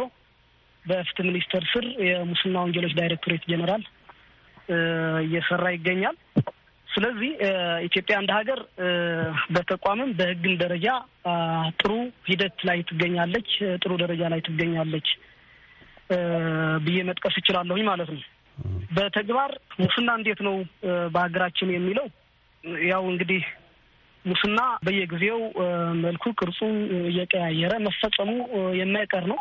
በፍትህ ሚኒስቴር ስር የሙስና ወንጀሎች ዳይሬክቶሬት ጀኔራል እየሰራ ይገኛል። ስለዚህ ኢትዮጵያ እንደ ሀገር በተቋምም በህግም ደረጃ ጥሩ ሂደት ላይ ትገኛለች፣ ጥሩ ደረጃ ላይ ትገኛለች ብዬ መጥቀስ እችላለሁኝ ማለት ነው። በተግባር ሙስና እንዴት ነው በሀገራችን የሚለው ያው እንግዲህ ሙስና በየጊዜው መልኩ ቅርጹ እየቀያየረ መፈጸሙ የማይቀር ነው።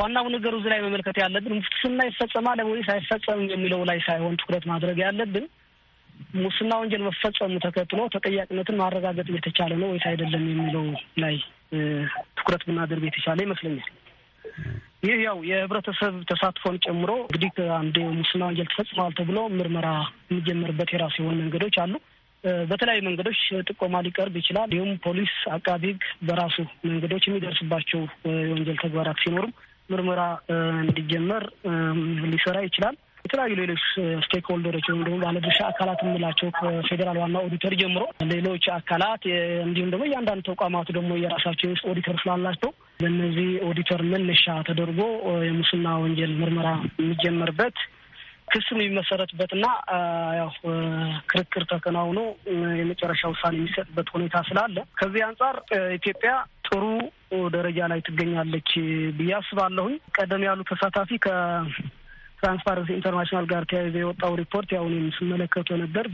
ዋናው ነገር እዚህ ላይ መመልከት ያለብን ሙስና ይፈጸማል ወይስ አይፈጸምም የሚለው ላይ ሳይሆን ትኩረት ማድረግ ያለብን ሙስና ወንጀል መፈጸሙ ተከትሎ ተጠያቂነትን ማረጋገጥ የተቻለ ነው ወይስ አይደለም የሚለው ላይ ትኩረት ብናደርግ የተቻለ ይመስለኛል። ይህ ያው የህብረተሰብ ተሳትፎን ጨምሮ እንግዲህ አንድ ሙስና ወንጀል ተፈጽሟል ተብሎ ምርመራ የሚጀመርበት የራሱ የሆኑ መንገዶች አሉ። በተለያዩ መንገዶች ጥቆማ ሊቀርብ ይችላል። ይሁም ፖሊስ፣ አቃቢ ህግ በራሱ መንገዶች የሚደርስባቸው የወንጀል ተግባራት ሲኖሩም ምርመራ እንዲጀመር ሊሰራ ይችላል። የተለያዩ ሌሎች ስቴክሆልደሮች ወይም ደግሞ ባለድርሻ አካላት የምንላቸው ከፌዴራል ዋና ኦዲተር ጀምሮ ሌሎች አካላት እንዲሁም ደግሞ እያንዳንድ ተቋማቱ ደግሞ የራሳቸው ውስጥ ኦዲተር ስላላቸው በእነዚህ ኦዲተር መነሻ ተደርጎ የሙስና ወንጀል ምርመራ የሚጀመርበት ክስ የሚመሰረትበትና ያው ክርክር ተከናውኖ የመጨረሻ ውሳኔ የሚሰጥበት ሁኔታ ስላለ ከዚህ አንጻር ኢትዮጵያ ጥሩ ደረጃ ላይ ትገኛለች ብዬ አስባለሁኝ። ቀደም ያሉ ተሳታፊ ከትራንስፓረንሲ ኢንተርናሽናል ጋር ተያይዘ የወጣው ሪፖርት ያው እኔም ስመለከተው ነበር።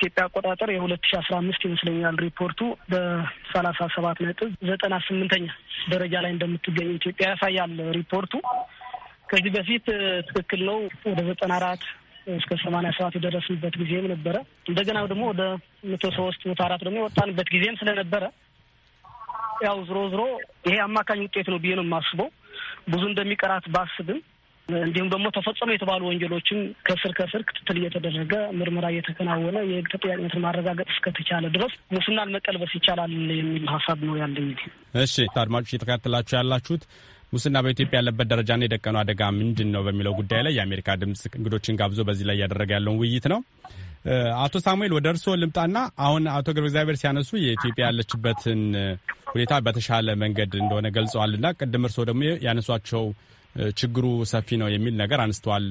ኢትዮጵያ አቆጣጠር የሁለት ሺ አስራ አምስት ይመስለኛል ሪፖርቱ በሰላሳ ሰባት ነጥብ ዘጠና ስምንተኛ ደረጃ ላይ እንደምትገኝ ኢትዮጵያ ያሳያል ሪፖርቱ። ከዚህ በፊት ትክክል ነው ወደ ዘጠና አራት እስከ ሰማንያ ሰባት የደረስንበት ጊዜም ነበረ። እንደገና ደግሞ ወደ መቶ ሶስት መቶ አራት ደግሞ የወጣንበት ጊዜም ስለነበረ ያው ዝሮ ዝሮ ይሄ አማካኝ ውጤት ነው ብዬ ነው የማስበው። ብዙ እንደሚቀራት ባስብም እንዲሁም ደግሞ ተፈጸሙ የተባሉ ወንጀሎችን ከስር ከስር ክትትል እየተደረገ ምርመራ እየተከናወነ የህግ ተጠያቂነትን ማረጋገጥ እስከተቻለ ድረስ ሙስናን መቀልበስ ይቻላል የሚል ሀሳብ ነው ያለኝ። እሺ አድማጮች እየተከታተላችሁ ያላችሁት ሙስና በኢትዮጵያ ያለበት ደረጃና የደቀኑ አደጋ ምንድን ነው በሚለው ጉዳይ ላይ የአሜሪካ ድምፅ እንግዶችን ጋብዞ በዚህ ላይ እያደረገ ያለውን ውይይት ነው። አቶ ሳሙኤል ወደ እርስዎ ልምጣና አሁን አቶ ገብረ እግዚአብሔር ሲያነሱ የኢትዮጵያ ያለችበትን ሁኔታ በተሻለ መንገድ እንደሆነ ገልጸዋልና ቅድም እርስዎ ደግሞ ያነሷቸው ችግሩ ሰፊ ነው የሚል ነገር አንስተዋል።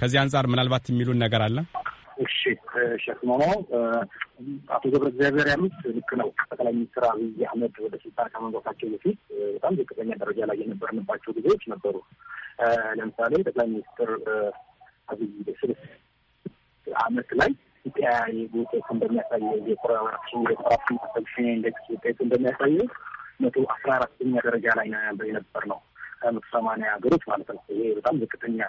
ከዚህ አንጻር ምናልባት የሚሉን ነገር አለ? እሺ ሸክሞ ነው አቶ ገብረ እግዚአብሔር ያሉት ልክ ነው። ጠቅላይ ሚኒስትር አብይ አህመድ ወደ ስልጣን ከመንጓታቸው በፊት በጣም ዝቅተኛ ደረጃ ላይ የነበርንባቸው ጊዜዎች ነበሩ። ለምሳሌ ጠቅላይ ሚኒስትር አብይ ስልስ አመት ላይ ኢትያ የጎቴት እንደሚያሳየው የኮራፕሽን ኢንዴክስ ውጤት እንደሚያሳየው መቶ አስራ አራተኛ ደረጃ ላይ ነበር የነበር ነው ከመቶ ሰማንያ ሀገሮች ማለት ነው። ይሄ በጣም ዝቅተኛ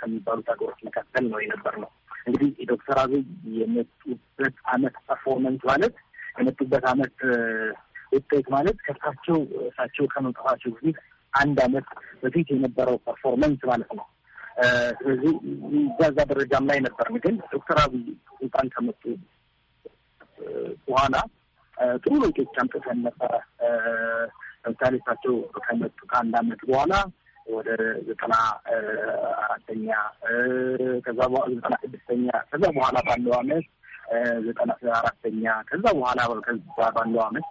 ከሚባሉት ሀገሮች መካከል ነው የነበር ነው። እንግዲህ የዶክተር አብይ የመጡበት አመት ፐርፎርመንስ ማለት የመጡበት አመት ውጤት ማለት ከእርሳቸው እሳቸው ከመምጣታቸው በፊት አንድ አመት በፊት የነበረው ፐርፎርመንስ ማለት ነው። ስለዚህ እዛ ደረጃም ላይ ነበርን። ግን ዶክተር አብይ ስልጣን ከመጡ በኋላ ጥሩ ለውጦች አምጥተን ነበረ። ታሪካቸው ከመጡ ከአንድ አመት በኋላ ወደ ዘጠና አራተኛ ከዛ በኋላ ዘጠና ስድስተኛ ከዛ በኋላ ባለው አመት ዘጠና አራተኛ ከዛ በኋላ ከዛ ባለው አመት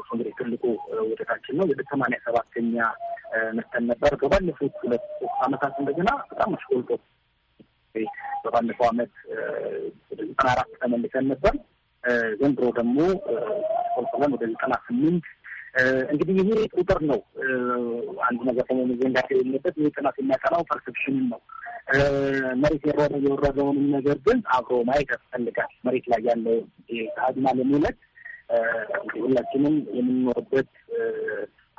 እሱ እንግዲህ ትልቁ ውጤታችን ነው። ወደ ሰማንያ ሰባተኛ መተን ነበር። በባለፉት ሁለት ሶስት አመታት እንደገና በጣም አሽቆልጦ በባለፈው አመት ወደ ዘጠና አራት ተመልሰን ነበር። ዘንድሮ ደግሞ ቆልጦለን ወደ ዘጠና ስምንት እንግዲህ ይሄ ቁጥር ነው። አንድ ነገር ደግሞ መዘንጋት የሌለበት ይህ ጥናት የሚያጠናው ፐርሰፕሽንን ነው። መሬት የወረደውንም ነገር ግን አብሮ ማየት ያስፈልጋል። መሬት ላይ ያለው አድማ ለሚለት ሁላችንም የምንኖርበት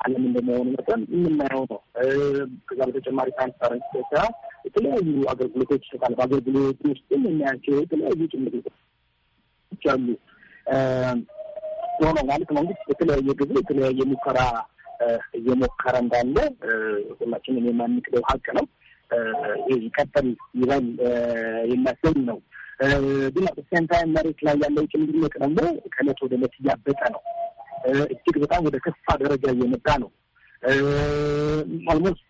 ዓለም እንደመሆኑ መጠን የምናየው ነው። ከዛ በተጨማሪ ትራንስፓረንስ ኢትዮጵያ የተለያዩ አገልግሎቶች ይሰጣል። በአገልግሎት ውስጥም የሚያቸው የተለያዩ ጭምር አሉ። የሆነው ማለት መንግስት በተለያየ ጊዜ የተለያየ ሙከራ እየሞከረ እንዳለ ሁላችንም የማንክደው ሀቅ ነው። ይቀጥል ይበል የሚያሰኝ ነው። ግን ሴንታይም መሬት ላይ ያለው ጭምድነት ደግሞ ከእለት ወደ እለት እያበጠ ነው። እጅግ በጣም ወደ ከፋ ደረጃ እየመጣ ነው። ኦልሞስት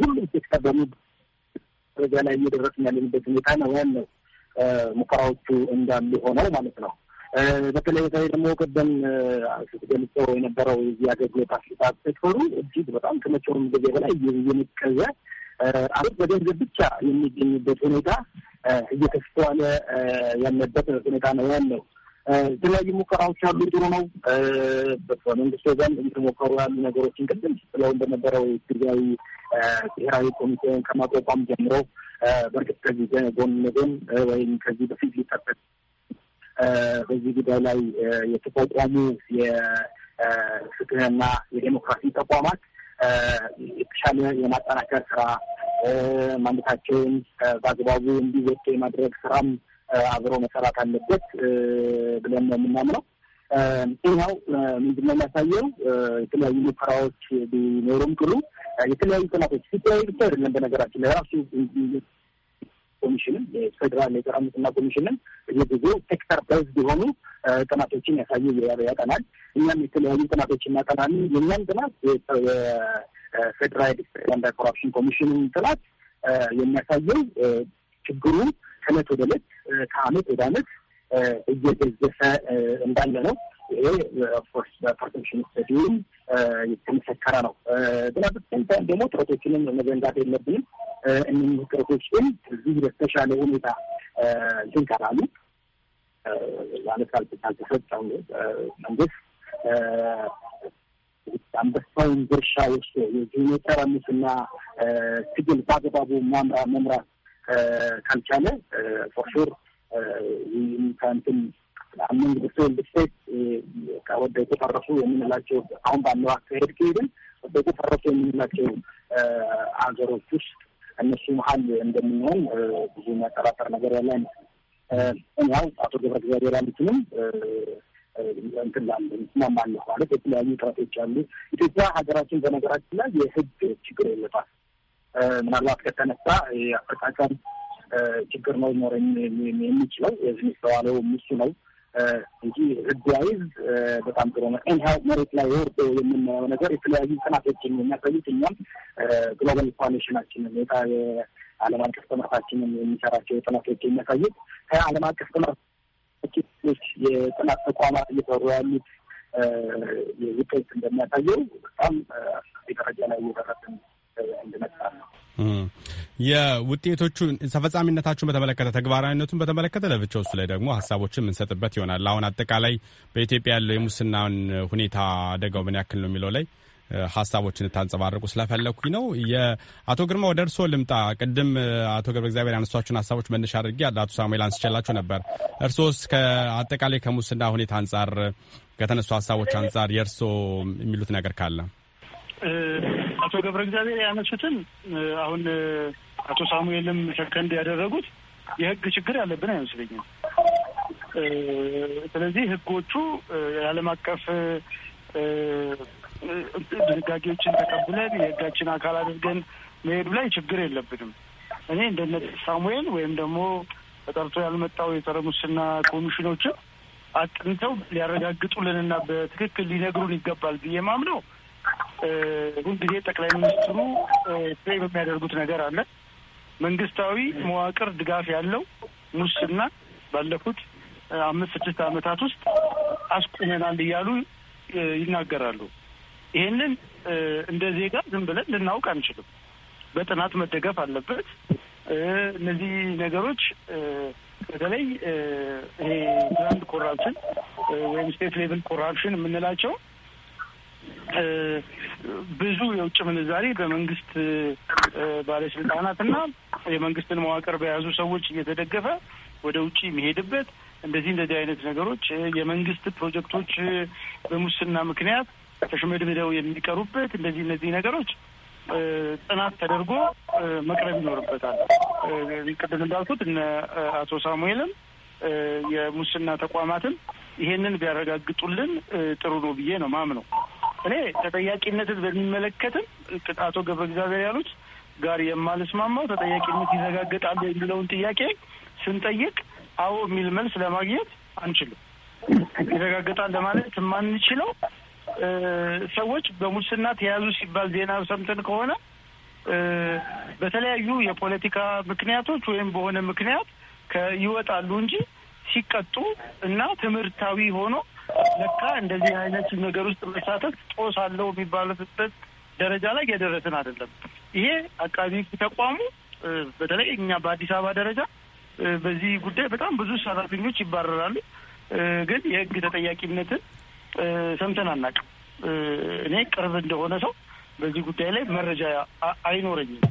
ሁሉም ሴክተር በሚ ደረጃ ላይ እየደረስን ያለንበት ሁኔታ ነው። ያን ነው ሙከራዎቹ እንዳሉ ሆነው ማለት ነው። በተለይ በተለይ ደግሞ ቅድም ገልጸው የነበረው የዚህ አገልግሎት አሰጣጥ ሴክተሩ እጅግ በጣም ከመቼውም ጊዜ በላይ እየነቀዘ አሁን በገንዘብ ብቻ የሚገኝበት ሁኔታ እየተስተዋለ ያለበት ሁኔታ ነው ያለው። የተለያዩ ሙከራዎች አሉ። ጥሩ ነው። በመንግስት ወገን እየተሞከሩ ያሉ ነገሮችን ቅድም ስለው እንደነበረው ጊዜያዊ ብሔራዊ ኮሚቴን ከማቋቋም ጀምሮ በእርግጥ ከዚህ ጎን ለጎን ወይም ከዚህ በፊት ሊጠበቅ በዚህ ጉዳይ ላይ የተቋቋሙ የፍትህና የዴሞክራሲ ተቋማት የተሻለ የማጠናከር ስራ ማንነታቸውን በአግባቡ እንዲወጡ የማድረግ ስራም አብሮ መሰራት አለበት ብለን ነው የምናምነው። ይህኛው ምንድነው የሚያሳየው የተለያዩ ሙከራዎች ቢኖሩም ቅሉ የተለያዩ ጥናቶች ሲተያዩ ብቻ አይደለም በነገራችን ላይ ራሱ ኮሚሽንም የፌዴራል የጸረ ሙስና ኮሚሽንም የጊዜው ሴክተር በዝ የሆኑ ጥናቶችን ያሳየ ያጠናል። እኛም የተለያዩ ጥናቶች እናጠናለን። የእኛም ጥናት የፌዴራል አንዳር ኮራፕሽን ኮሚሽንን ጥናት የሚያሳየው ችግሩ ከእለት ወደ እለት ከአመት ወደ አመት እየገዘፈ እንዳለ ነው። ይሄ ኦፍኮርስ በፐርሰፕሽን ስተዲም የተመሰከረ ነው። ብናበትን ደግሞ ጥረቶችንም መዘንጋት የለብንም። እነዚህ ጥረቶች ግን እዚህ በተሻለ ሁኔታ እንትን ካላሉ ማለት ካልተፈጸሙ መንግስት አንበሳውን ድርሻ ወስዶ የዚህ የጸረ ሙስና ትግል በአግባቡ ማምራ መምራት ካልቻለ ፎርሹር ከእንትን አሚንግ ብትል ብትሴት ወደቁ ፈረሱ የምንላቸው አሁን ባለው አካሄድ ከሄድን ወደቁ ፈረሱ የምንላቸው ሀገሮች ውስጥ እነሱ መሀል እንደምንሆን ብዙ የሚያጠራጠር ነገር ያለ አይመስልም። እኒያው አቶ ገብረ እግዚአብሔር ያሉትንም እንትን ላለ እስማማለሁ ማለት የተለያዩ ጥረቶች አሉ። ኢትዮጵያ ሀገራችን በነገራችን ላይ የህግ ችግር የለባት። ምናልባት ከተነሳ የአፈቃቀም ችግር ነው ኖረ የሚችለው የዚህ የሚስተዋለው እሱ ነው። እንጂ ህግ በጣም ጥሩ ነው። ኤኒሃው መሬት ላይ ወርዶ የምናየው ነገር የተለያዩ ጥናቶችን የሚያሳዩት እኛም ግሎባል ኮአሊሽናችንን የዓለም አቀፍ ትምህርታችንን የሚሰራቸው ጥናቶች የሚያሳዩት ከዓለም አቀፍ ጥምረቶች የጥናት ተቋማት እየሰሩ ያሉት ውጤት እንደሚያሳየው በጣም ደረጃ ላይ እየደረስን እንድመጣ ነው። የውጤቶቹን ተፈጻሚነታችሁን በተመለከተ ተግባራዊነቱን በተመለከተ ለብቻው እሱ ላይ ደግሞ ሀሳቦችን የምንሰጥበት ይሆናል። አሁን አጠቃላይ በኢትዮጵያ ያለው የሙስናን ሁኔታ አደጋው ምን ያክል ነው የሚለው ላይ ሀሳቦችን ታንጸባርቁ ስለፈለግኩኝ ነው። የአቶ ግርማ ወደ እርስዎ ልምጣ። ቅድም አቶ ገብረ እግዚአብሔር ያነሷችሁን ሀሳቦች መነሻ አድርጌ አቶ ሳሙኤል አንስቼላቸው ነበር። እርስዎስ ከአጠቃላይ ከሙስና ሁኔታ አንጻር ከተነሱ ሀሳቦች አንጻር የእርስዎ የሚሉት ነገር ካለ አቶ ገብረ እግዚአብሔር ያነሱትን አሁን አቶ ሳሙኤልም ሰከንድ ያደረጉት የህግ ችግር ያለብን አይመስለኝም። ስለዚህ ህጎቹ የዓለም አቀፍ ድንጋጌዎችን ተቀብለን የህጋችን አካል አድርገን መሄዱ ላይ ችግር የለብንም። እኔ እንደነ ሳሙኤል ወይም ደግሞ ተጠርቶ ያልመጣው የጸረ ሙስና ኮሚሽኖችን አጥንተው ሊያረጋግጡልንና በትክክል ሊነግሩን ይገባል ብዬ ማምነው ሁልጊዜ ጠቅላይ ሚኒስትሩ ፕሬ በሚያደርጉት ነገር አለ። መንግስታዊ መዋቅር ድጋፍ ያለው ሙስና ባለፉት አምስት ስድስት ዓመታት ውስጥ አስቁመናል እያሉ ይናገራሉ። ይህንን እንደ ዜጋ ዝም ብለን ልናውቅ አንችልም። በጥናት መደገፍ አለበት። እነዚህ ነገሮች በተለይ ይሄ ግራንድ ኮራፕሽን ወይም ስቴት ሌቭል ኮራፕሽን የምንላቸው ብዙ የውጭ ምንዛሬ በመንግስት ባለስልጣናትና የመንግስትን መዋቅር በያዙ ሰዎች እየተደገፈ ወደ ውጭ የሚሄድበት እንደዚህ እንደዚህ አይነት ነገሮች የመንግስት ፕሮጀክቶች በሙስና ምክንያት ተሽመድምደው የሚቀሩበት እንደዚህ እነዚህ ነገሮች ጥናት ተደርጎ መቅረብ ይኖርበታል። ቅድም እንዳልኩት እነ አቶ ሳሙኤልም የሙስና ተቋማትም ይሄንን ቢያረጋግጡልን ጥሩ ነው ብዬ ነው ማምነው። እኔ ተጠያቂነትን በሚመለከትም ቅጣቶ ገብረ እግዚአብሔር ያሉት ጋር የማልስማማው ተጠያቂነት ይረጋገጣል የሚለውን ጥያቄ ስንጠይቅ አዎ የሚል መልስ ለማግኘት አንችልም። ይረጋገጣል ለማለት የማንችለው ሰዎች በሙስና ተያዙ ሲባል ዜና ሰምተን ከሆነ በተለያዩ የፖለቲካ ምክንያቶች ወይም በሆነ ምክንያት ይወጣሉ እንጂ ሲቀጡ እና ትምህርታዊ ሆኖ ለካ እንደዚህ አይነት ነገር ውስጥ መሳተፍ ጦስ አለው የሚባልበት ደረጃ ላይ የደረስን አይደለም። ይሄ አቃቢ ተቋሙ በተለይ እኛ በአዲስ አበባ ደረጃ በዚህ ጉዳይ በጣም ብዙ ሰራተኞች ይባረራሉ። ግን የህግ ተጠያቂነትን ሰምተን አናውቅም። እኔ ቅርብ እንደሆነ ሰው በዚህ ጉዳይ ላይ መረጃ አይኖረኝም።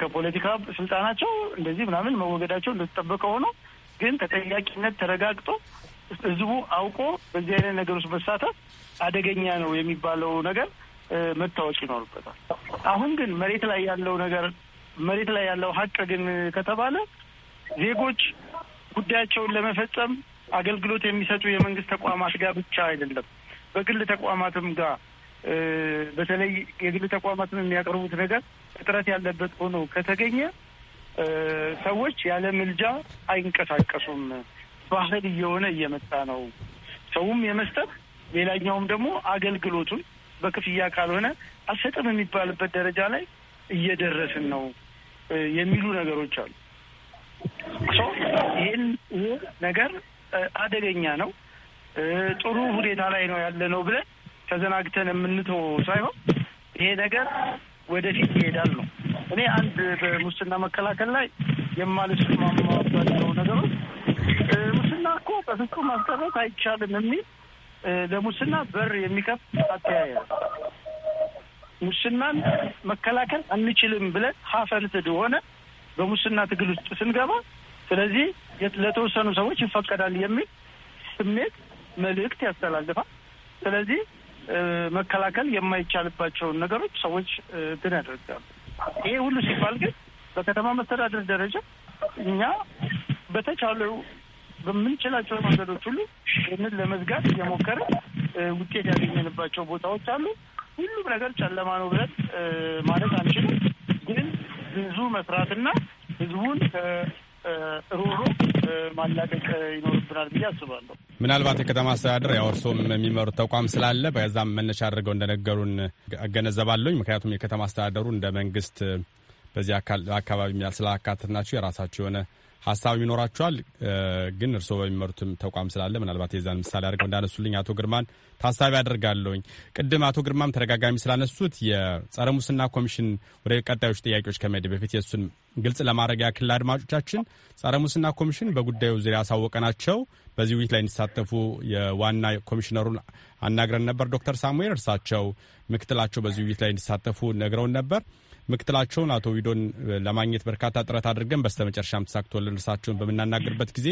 ከፖለቲካ ስልጣናቸው እንደዚህ ምናምን መወገዳቸው እንደተጠበቀ ሆኖ ግን ተጠያቂነት ተረጋግጦ ህዝቡ አውቆ በዚህ አይነት ነገር ውስጥ መሳተፍ አደገኛ ነው የሚባለው ነገር መታወቅ ይኖርበታል። አሁን ግን መሬት ላይ ያለው ነገር መሬት ላይ ያለው ሀቅ ግን ከተባለ ዜጎች ጉዳያቸውን ለመፈጸም አገልግሎት የሚሰጡ የመንግስት ተቋማት ጋር ብቻ አይደለም፣ በግል ተቋማትም ጋር በተለይ የግል ተቋማትን የሚያቀርቡት ነገር እጥረት ያለበት ሆኖ ከተገኘ ሰዎች ያለ ምልጃ አይንቀሳቀሱም። ባህል እየሆነ እየመጣ ነው። ሰውም የመስጠት ሌላኛውም ደግሞ አገልግሎቱን በክፍያ ካልሆነ አልሰጥም የሚባልበት ደረጃ ላይ እየደረስን ነው የሚሉ ነገሮች አሉ። ይህን ነገር አደገኛ ነው። ጥሩ ሁኔታ ላይ ነው ያለ ነው ብለን ተዘናግተን የምንተው ሳይሆን ይሄ ነገር ወደፊት ይሄዳል ነው። እኔ አንድ በሙስና መከላከል ላይ የማልስማማባቸው ነገሮች ሙስና እኮ በፍጹም ማስቀረት አይቻልም የሚል ለሙስና በር የሚከፍት አተያየ ሙስናን መከላከል አንችልም ብለን ሀፈልትድ ሆነ በሙስና ትግል ውስጥ ስንገባ፣ ስለዚህ ለተወሰኑ ሰዎች ይፈቀዳል የሚል ስሜት መልእክት ያስተላልፋል። ስለዚህ መከላከል የማይቻልባቸውን ነገሮች ሰዎች እንትን ያደርጋሉ። ይሄ ሁሉ ሲባል ግን በከተማ መስተዳደር ደረጃ እኛ በተቻለው በምንችላቸው መንገዶች ሁሉ ይህንን ለመዝጋት እየሞከረ ውጤት ያገኘንባቸው ቦታዎች አሉ። ሁሉም ነገር ጨለማ ነው ብለን ማለት አንችልም። ግን ብዙ መስራትና ህዝቡን ሮሮ ማላቀቅ ይኖርብናል ብዬ አስባለሁ። ምናልባት የከተማ አስተዳደር ያው እርስዎም የሚመሩት ተቋም ስላለ በዛም መነሻ አድርገው እንደነገሩን እገነዘባለሁኝ። ምክንያቱም የከተማ አስተዳደሩ እንደ መንግስት በዚህ አካባቢ ስላካተትናቸው የራሳቸው የሆነ ሀሳብ ይኖራችኋል። ግን እርስዎ በሚመሩትም ተቋም ስላለ ምናልባት የዛን ምሳሌ አድርገው እንዳነሱልኝ አቶ ግርማን ታሳቢ አደርጋለሁኝ። ቅድም አቶ ግርማም ተደጋጋሚ ስላነሱት የጸረ ሙስና ኮሚሽን ወደ ቀጣዮች ጥያቄዎች ከመሄድ በፊት የእሱን ግልጽ ለማድረግ ያክል አድማጮቻችን፣ ጸረ ሙስና ኮሚሽን በጉዳዩ ዙሪያ ያሳወቀናቸው በዚህ ውይይት ላይ እንዲሳተፉ የዋና ኮሚሽነሩን አናግረን ነበር። ዶክተር ሳሙኤል እርሳቸው ምክትላቸው በዚህ ውይይት ላይ እንዲሳተፉ ነግረውን ነበር። ምክትላቸውን አቶ ዊዶን ለማግኘት በርካታ ጥረት አድርገን በስተመጨረሻም ተሳክቶልን እርሳቸውን በምናናገርበት ጊዜ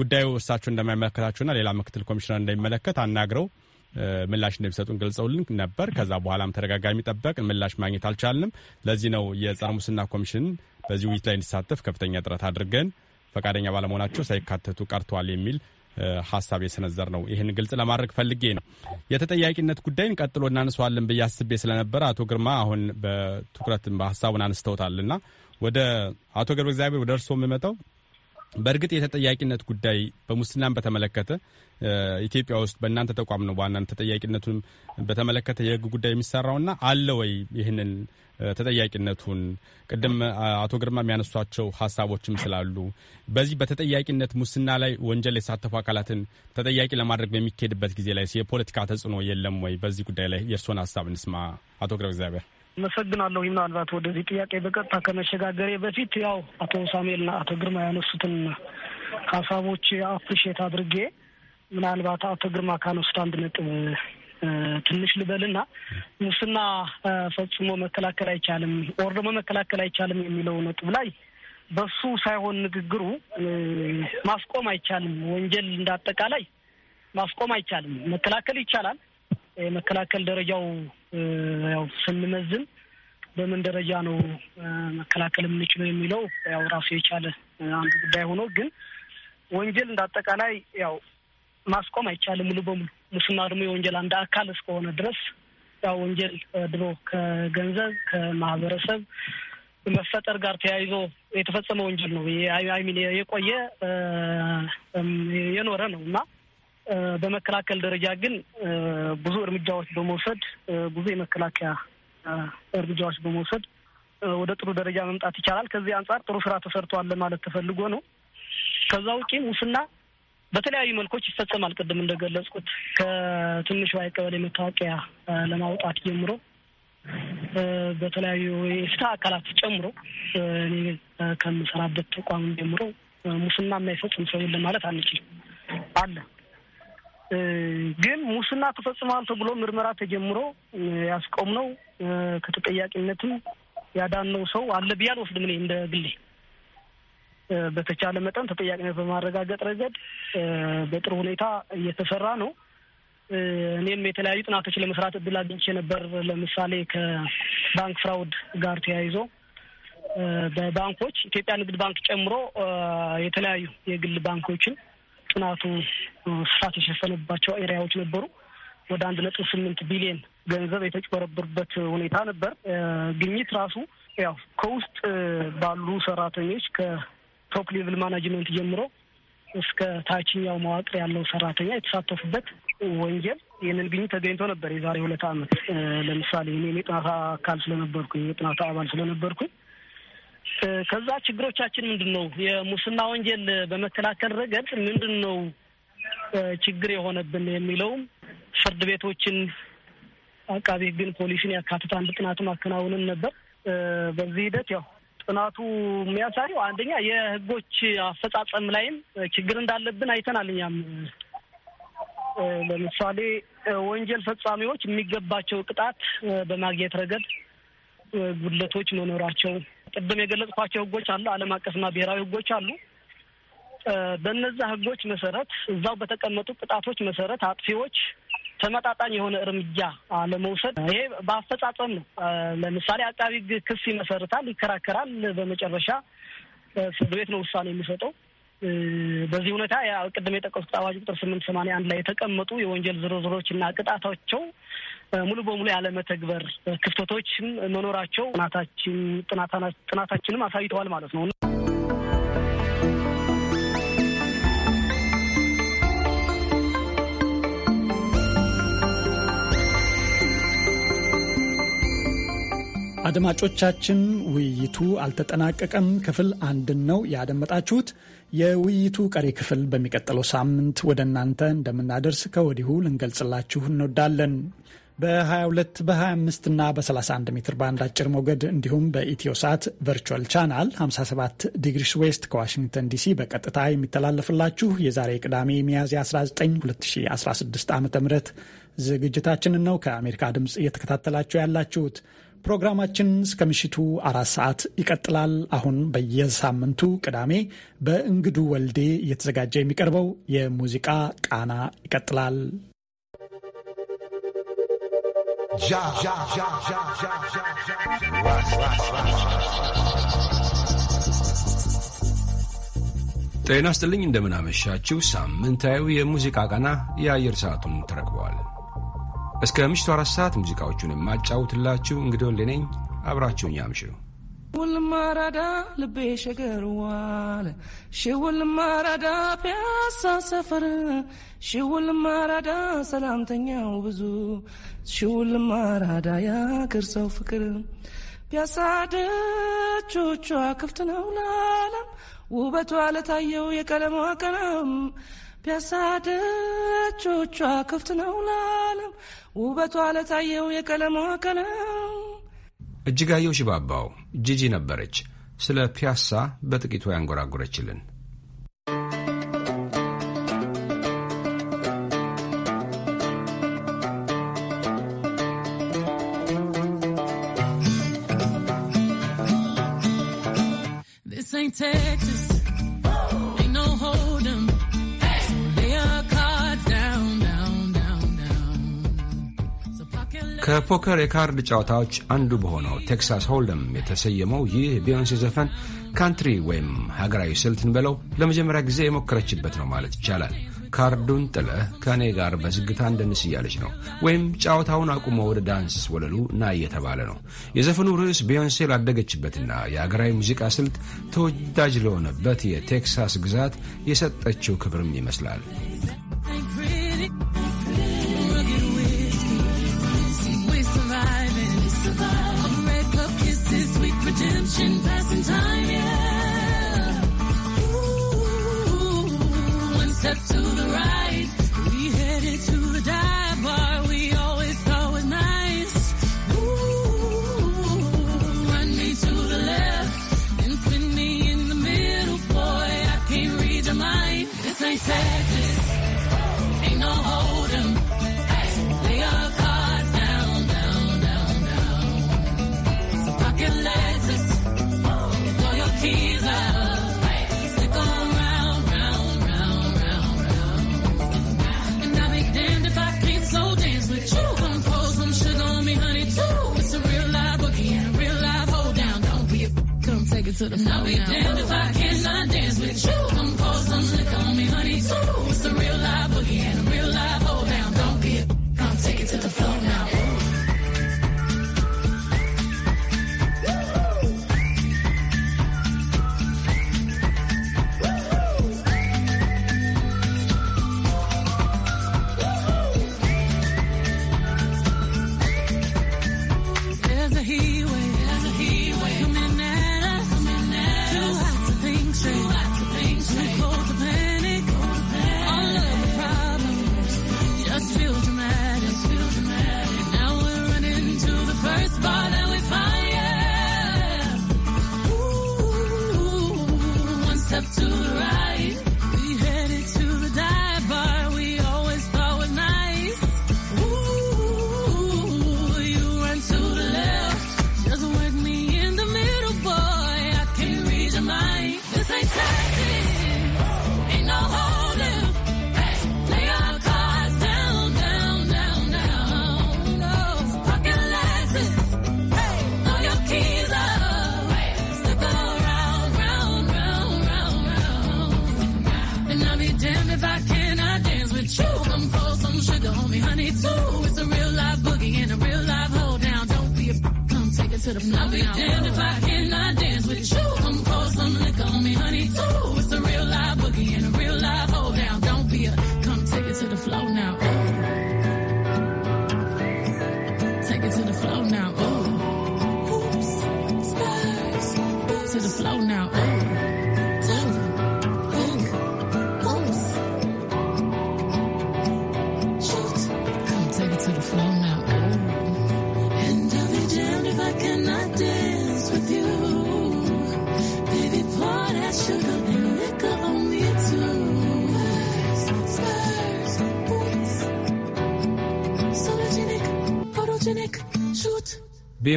ጉዳዩ እርሳቸው እንደማይመለከታቸውና ሌላ ምክትል ኮሚሽነር እንደሚመለከት አናግረው ምላሽ እንደሚሰጡን ገልጸውልን ነበር። ከዛ በኋላም ተደጋጋሚ ጠበቅ ምላሽ ማግኘት አልቻልንም። ለዚህ ነው የጸረ ሙስና ኮሚሽን በዚህ ውይይት ላይ እንዲሳተፍ ከፍተኛ ጥረት አድርገን ፈቃደኛ ባለመሆናቸው ሳይካተቱ ቀርተዋል የሚል ሀሳብ የሰነዘር ነው። ይህን ግልጽ ለማድረግ ፈልጌ ነው። የተጠያቂነት ጉዳይን ቀጥሎ እናንሰዋለን ብዬ አስቤ ስለነበረ አቶ ግርማ አሁን በትኩረት በሀሳቡን አንስተውታል እና ወደ አቶ ገብረ እግዚአብሔር ወደ እርስዎ የምመጣው በእርግጥ የተጠያቂነት ጉዳይ በሙስናን በተመለከተ ኢትዮጵያ ውስጥ በእናንተ ተቋም ነው በዋናን ተጠያቂነቱን በተመለከተ የህግ ጉዳይ የሚሰራውና አለ ወይ ይህንን ተጠያቂነቱን ቅድም አቶ ግርማ የሚያነሷቸው ሀሳቦችም ስላሉ በዚህ በተጠያቂነት ሙስና ላይ ወንጀል የተሳተፉ አካላትን ተጠያቂ ለማድረግ በሚካሄድበት ጊዜ ላይ የፖለቲካ ተጽዕኖ የለም ወይ? በዚህ ጉዳይ ላይ የእርስዎን ሀሳብ እንስማ። አቶ ግረብ እግዚአብሔር አመሰግናለሁ። ምናልባት ወደዚህ ጥያቄ በቀጥታ ከመሸጋገሬ በፊት ያው አቶ ሳሙኤልና አቶ ግርማ ያነሱትን ሀሳቦች አፕሪሼት አድርጌ ምናልባት አቶ ግርማ ካነሱት አንድ ነጥብ ትንሽ ልበልና ሙስና ፈጽሞ መከላከል አይቻልም ኦር ደግሞ መከላከል አይቻልም የሚለው ነጥብ ላይ በሱ ሳይሆን ንግግሩ ማስቆም አይቻልም። ወንጀል እንዳጠቃላይ ማስቆም አይቻልም። መከላከል ይቻላል። የመከላከል ደረጃው ያው ስንመዝን በምን ደረጃ ነው መከላከል የምንችለው የሚለው ያው ራሱ የቻለ አንዱ ጉዳይ ሆኖ ግን ወንጀል እንዳጠቃላይ ያው ማስቆም አይቻልም ሙሉ በሙሉ። ሙስና ደግሞ የወንጀል አንድ አካል እስከሆነ ድረስ ያው ወንጀል ድሮ ከገንዘብ ከማህበረሰብ መፈጠር ጋር ተያይዞ የተፈጸመ ወንጀል ነው። አይሚን የቆየ የኖረ ነው እና በመከላከል ደረጃ ግን ብዙ እርምጃዎች በመውሰድ ብዙ የመከላከያ እርምጃዎች በመውሰድ ወደ ጥሩ ደረጃ መምጣት ይቻላል። ከዚህ አንጻር ጥሩ ስራ ተሰርቷል ለማለት ተፈልጎ ነው። ከዛ ውጪ ሙስና በተለያዩ መልኮች ይፈጸማል። ቅድም እንደገለጽኩት ዋይ ቀበሌ መታወቂያ ለማውጣት ጀምሮ በተለያዩ የፍትህ አካላት ጨምሮ እኔ ከምሰራበት ተቋም ጀምሮ ሙስና የማይፈጽም ሰው የለም ማለት አንችልም። አለ ግን ሙስና ተፈጽመዋል ተብሎ ምርመራ ተጀምሮ ያስቆምነው ከተጠያቂነትም ያዳነው ሰው አለ ብያል አልወስድም እኔ እንደ ግሌ በተቻለ መጠን ተጠያቂነት በማረጋገጥ ረገድ በጥሩ ሁኔታ እየተሰራ ነው። እኔም የተለያዩ ጥናቶች ለመስራት እድል አግኝቼ ነበር። ለምሳሌ ከባንክ ፍራውድ ጋር ተያይዞ በባንኮች ኢትዮጵያ ንግድ ባንክ ጨምሮ የተለያዩ የግል ባንኮችን ጥናቱ ስፋት የሸፈነባቸው ኤሪያዎች ነበሩ። ወደ አንድ ነጥብ ስምንት ቢሊየን ገንዘብ የተጭበረበሩበት ሁኔታ ነበር። ግኝት ራሱ ያው ከውስጥ ባሉ ሰራተኞች ቶፕ ሌቭል ማናጅመንት ጀምሮ እስከ ታችኛው መዋቅር ያለው ሰራተኛ የተሳተፉበት ወንጀል ይህንን ግኝ ተገኝቶ ነበር። የዛሬ ሁለት ዓመት ለምሳሌ እኔ የጥናት አካል ስለነበርኩኝ የጥናት አባል ስለነበርኩኝ ከዛ ችግሮቻችን ምንድን ነው? የሙስና ወንጀል በመከላከል ረገድ ምንድን ነው ችግር የሆነብን የሚለውም ፍርድ ቤቶችን፣ አቃቤ ሕግን፣ ፖሊስን ያካትት አንድ ጥናትም ማከናወንን ነበር። በዚህ ሂደት ያው ጥናቱ የሚያሳየው አንደኛ የህጎች አፈጻጸም ላይም ችግር እንዳለብን አይተናል። እኛም ለምሳሌ ወንጀል ፈጻሚዎች የሚገባቸው ቅጣት በማግኘት ረገድ ጉድለቶች መኖራቸው፣ ቅድም የገለጽኳቸው ህጎች አሉ፣ ዓለም አቀፍና ብሔራዊ ህጎች አሉ። በእነዛ ህጎች መሰረት እዛው በተቀመጡ ቅጣቶች መሰረት አጥፊዎች ተመጣጣኝ የሆነ እርምጃ አለመውሰድ ይሄ በአፈጻጸም ነው። ለምሳሌ አቃቢ ሕግ ክስ ይመሰርታል፣ ይከራከራል። በመጨረሻ ፍርድ ቤት ነው ውሳኔ የሚሰጠው። በዚህ ሁኔታ ቅድም የጠቀስኩት አዋጅ ቁጥር ስምንት ሰማንያ አንድ ላይ የተቀመጡ የወንጀል ዝርዝሮች እና ቅጣታቸው ሙሉ በሙሉ ያለመተግበር ክፍተቶችም መኖራቸው ጥናታችንም አሳይተዋል ማለት ነው። አድማጮቻችን፣ ውይይቱ አልተጠናቀቀም። ክፍል አንድን ነው ያደመጣችሁት። የውይይቱ ቀሪ ክፍል በሚቀጥለው ሳምንት ወደ እናንተ እንደምናደርስ ከወዲሁ ልንገልጽላችሁ እንወዳለን። በ22 በ25 እና በ31 ሜትር ባንድ አጭር ሞገድ እንዲሁም ሰዓት ቨርቹዋል ቻናል 57 ዲግሪስ ዌስት ከዋሽንግተን ዲሲ በቀጥታ የሚተላለፍላችሁ የዛሬ ቅዳሜ ሚያዝያ 19 2016 ዓ ም ዝግጅታችንን ነው ከአሜሪካ ድምፅ እየተከታተላችሁ ያላችሁት። ፕሮግራማችን እስከ ምሽቱ አራት ሰዓት ይቀጥላል። አሁን በየሳምንቱ ቅዳሜ በእንግዱ ወልዴ እየተዘጋጀ የሚቀርበው የሙዚቃ ቃና ይቀጥላል። ጤና ስጥልኝ እንደምናመሻችሁ። ሳምንታዊ የሙዚቃ ቃና የአየር ሰዓቱን ተረክበዋል። እስከ ምሽቱ አራት ሰዓት ሙዚቃዎቹን የማጫውትላችሁ እንግዲህ ልነኝ። አብራችሁኝ አምሹ። ሽውልማራዳ ልቤ ዋለ ሽውልማራዳ ፒያሳ ሰፈር ሽውልማራዳ ሰላምተኛው ብዙ ሽውልማራዳ ያገር ሰው ፍቅር ፒያሳ ደጆቿ ክፍት ነው ለዓለም ውበቷ ለታየው የቀለሟ ቀለም ፒያሳ ደጆቿ ክፍት ነው ለዓለም ውበቷ ለታየው የቀለሟ ቀለም። እጅጋየው ሽባባው ጂጂ ነበረች ስለ ፒያሳ በጥቂቱ ያንጎራጉረችልን። ከፖከር የካርድ ጨዋታዎች አንዱ በሆነው ቴክሳስ ሆልደም የተሰየመው ይህ ቢዮንሴ ዘፈን ካንትሪ ወይም ሀገራዊ ስልትን በለው ለመጀመሪያ ጊዜ የሞከረችበት ነው ማለት ይቻላል። ካርዱን ጥለህ ከእኔ ጋር በዝግታ እንደንስ እያለች ነው። ወይም ጨዋታውን አቁሞ ወደ ዳንስ ወለሉ ና እየተባለ ነው። የዘፈኑ ርዕስ ቢዮንሴ ላደገችበትና የሀገራዊ ሙዚቃ ስልት ተወዳጅ ለሆነበት የቴክሳስ ግዛት የሰጠችው ክብርም ይመስላል። to the floor can.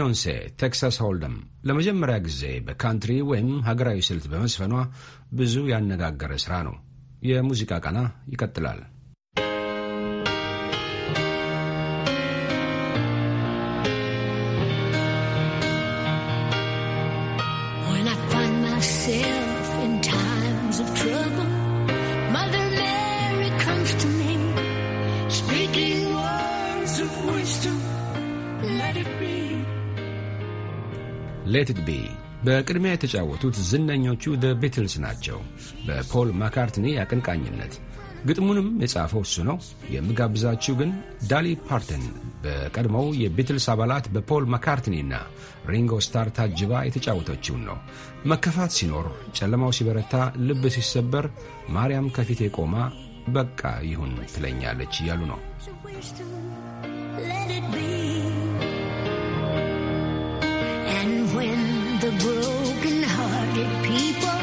ቢዮንሴ ቴክሳስ ሆልደም ለመጀመሪያ ጊዜ በካንትሪ ወይም ሀገራዊ ስልት በመስፈኗ ብዙ ያነጋገረ ሥራ ነው። የሙዚቃ ቃና ይቀጥላል። ሌት ኢት ቢ። በቅድሚያ የተጫወቱት ዝነኞቹ ዘ ቢትልስ ናቸው በፖል ማካርትኒ አቀንቃኝነት። ግጥሙንም የጻፈው እሱ ነው። የምጋብዛችሁ ግን ዳሊ ፓርተን በቀድሞው የቢትልስ አባላት በፖል ማካርትኒና ሪንጎ ስታር ታጅባ የተጫወተችውን ነው። መከፋት ሲኖር፣ ጨለማው ሲበረታ፣ ልብ ሲሰበር ማርያም ከፊቴ ቆማ በቃ ይሁን ትለኛለች እያሉ ነው። the broken hearted people.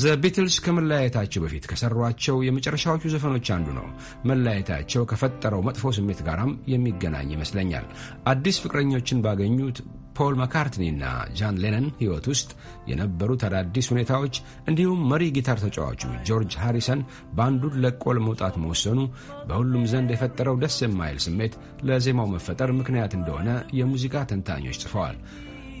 ዘ ቢትልስ ከመለያየታቸው በፊት ከሰሯቸው የመጨረሻዎቹ ዘፈኖች አንዱ ነው። መለያየታቸው ከፈጠረው መጥፎ ስሜት ጋራም የሚገናኝ ይመስለኛል። አዲስ ፍቅረኞችን ባገኙት ፖል መካርትኒ እና ጃን ሌነን ሕይወት ውስጥ የነበሩት አዳዲስ ሁኔታዎች እንዲሁም መሪ ጊታር ተጫዋቹ ጆርጅ ሃሪሰን ባንዱን ለቆ ለመውጣት መወሰኑ በሁሉም ዘንድ የፈጠረው ደስ የማይል ስሜት ለዜማው መፈጠር ምክንያት እንደሆነ የሙዚቃ ተንታኞች ጽፈዋል።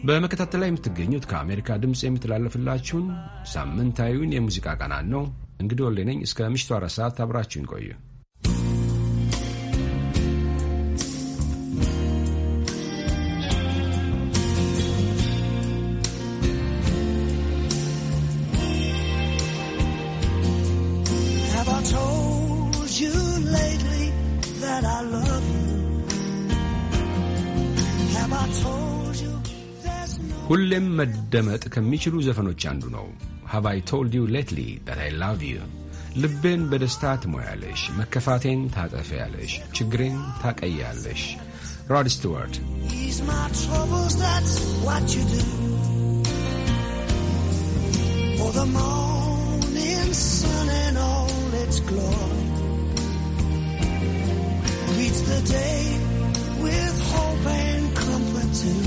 በመከታተል ላይ የምትገኙት ከአሜሪካ ድምፅ የምትላለፍላችሁን ሳምንታዊውን የሙዚቃ ቀናን ነው። እንግዲህ ወሌ ነኝ። እስከ ምሽቱ አራት ሰዓት አብራችሁን ቆዩ። ሁሌም መደመጥ ከሚችሉ ዘፈኖች አንዱ ነው። ሃቭ አይ ቶልድ ዩ ሌትሊ ዳት አይ ላቭ ዩ። ልቤን በደስታ ትሞያለሽ፣ መከፋቴን ታጠፊያለሽ፣ ችግሬን ታቀያለሽ። ሮድ ስቱዋርት Reach the day with hope and comfort too.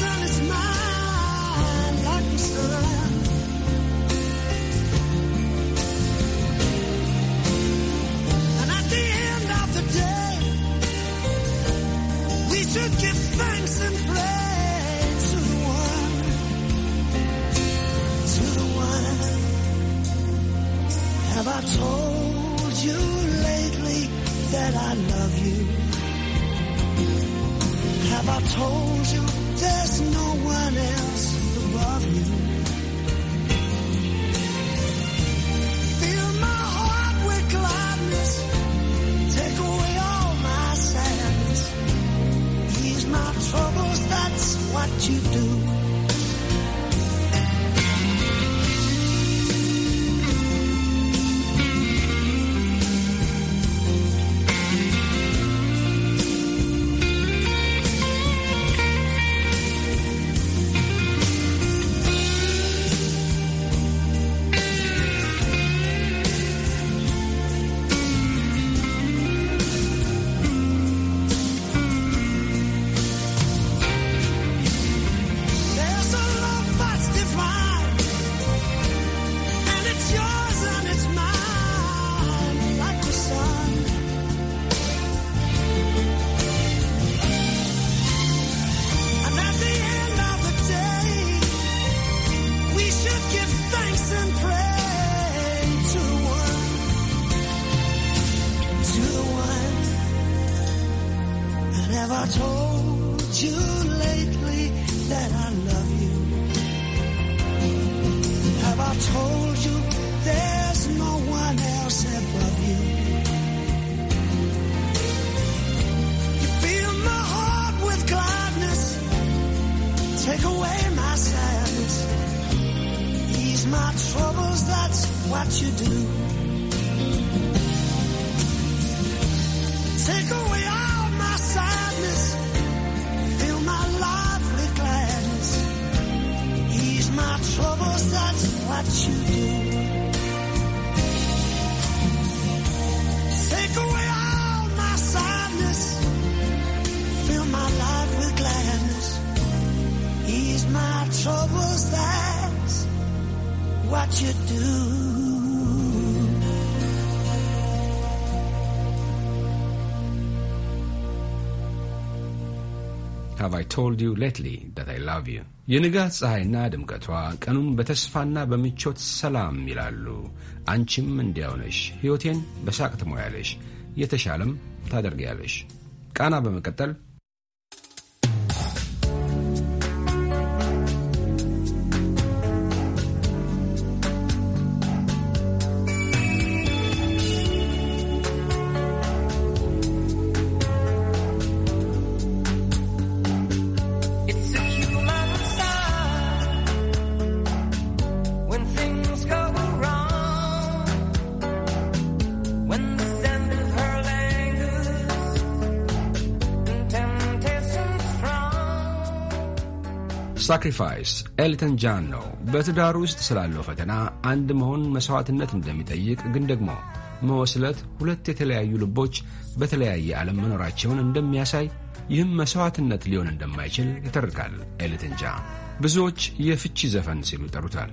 that I love you? Have I told troubles, that's what you do. Take away all my sadness, fill my life with gladness. Ease my troubles, that's what you do. Take away all my sadness, fill my life with gladness. Ease my troubles, that's what you do. Have I told you lately that I love you? የንጋት ፀሐይና ድምቀቷ ቀኑን በተስፋና በምቾት ሰላም ይላሉ። አንቺም እንዲያው ነሽ። ሕይወቴን በሳቅ ትሞያለሽ፣ የተሻለም ታደርጊያለሽ። ቃና በመቀጠል ሳክሪፋይስ ኤልተን ጃን ነው። በትዳር ውስጥ ስላለው ፈተና አንድ መሆን መሥዋዕትነት እንደሚጠይቅ ግን ደግሞ መወስለት ሁለት የተለያዩ ልቦች በተለያየ ዓለም መኖራቸውን እንደሚያሳይ ይህም መሥዋዕትነት ሊሆን እንደማይችል ይተርካል። ኤልተን ጃን ብዙዎች የፍቺ ዘፈን ሲሉ ይጠሩታል።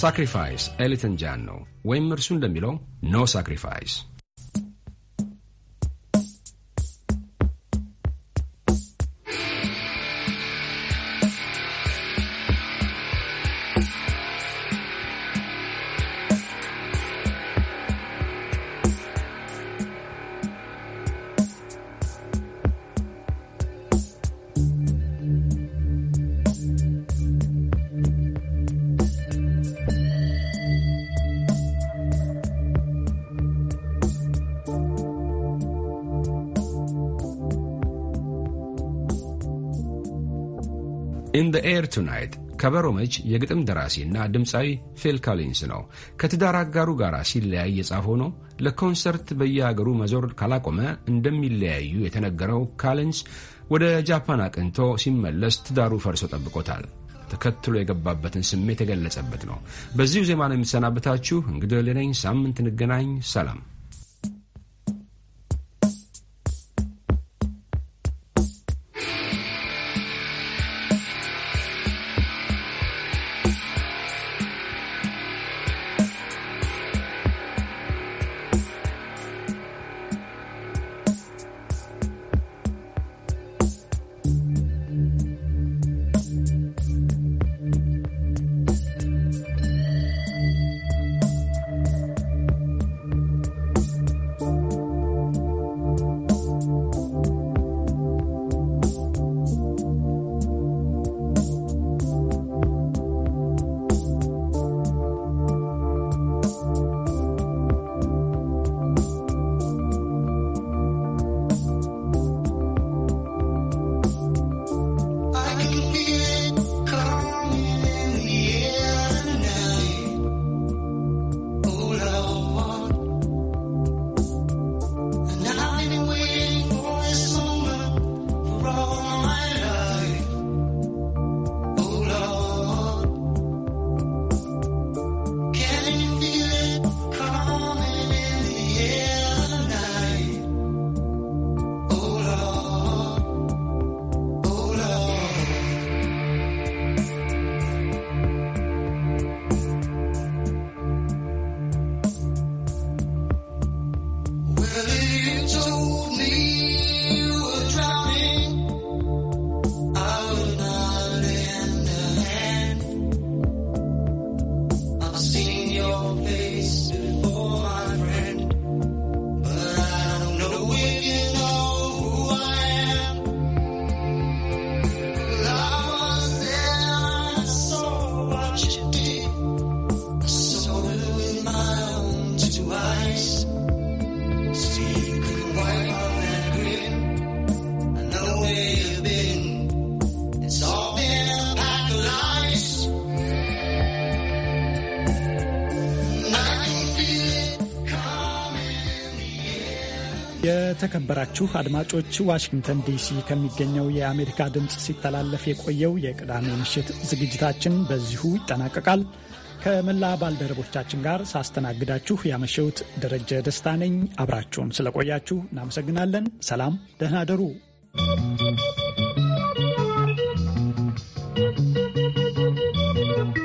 ሳክሪፋይስ ኤሊተን ጃን ነው ወይም እርሱ እንደሚለው ኖ ሳክሪፋይስ ቱናይት ከበሮ መች የግጥም እና ድምፃዊ ፊል ካሊንስ ነው። ከትዳር አጋሩ ጋር ሲለያይ የጻፈው ነው። ለኮንሰርት በየሀገሩ መዞር ካላቆመ እንደሚለያዩ የተነገረው ካሊንስ ወደ ጃፓን አቅንቶ ሲመለስ ትዳሩ ፈርሶ ጠብቆታል። ተከትሎ የገባበትን ስሜት የገለጸበት ነው። በዚሁ ዜማ ነው የሚሰናበታችሁ። እንግዲህ ሌላኝ ሳምንት እንገናኝ። ሰላም። የተከበራችሁ አድማጮች ዋሽንግተን ዲሲ ከሚገኘው የአሜሪካ ድምፅ ሲተላለፍ የቆየው የቅዳሜ ምሽት ዝግጅታችን በዚሁ ይጠናቀቃል። ከመላ ባልደረቦቻችን ጋር ሳስተናግዳችሁ ያመሸሁት ደረጀ ደስታ ነኝ። አብራችሁን ስለቆያችሁ እናመሰግናለን። ሰላም፣ ደህና ደሩ።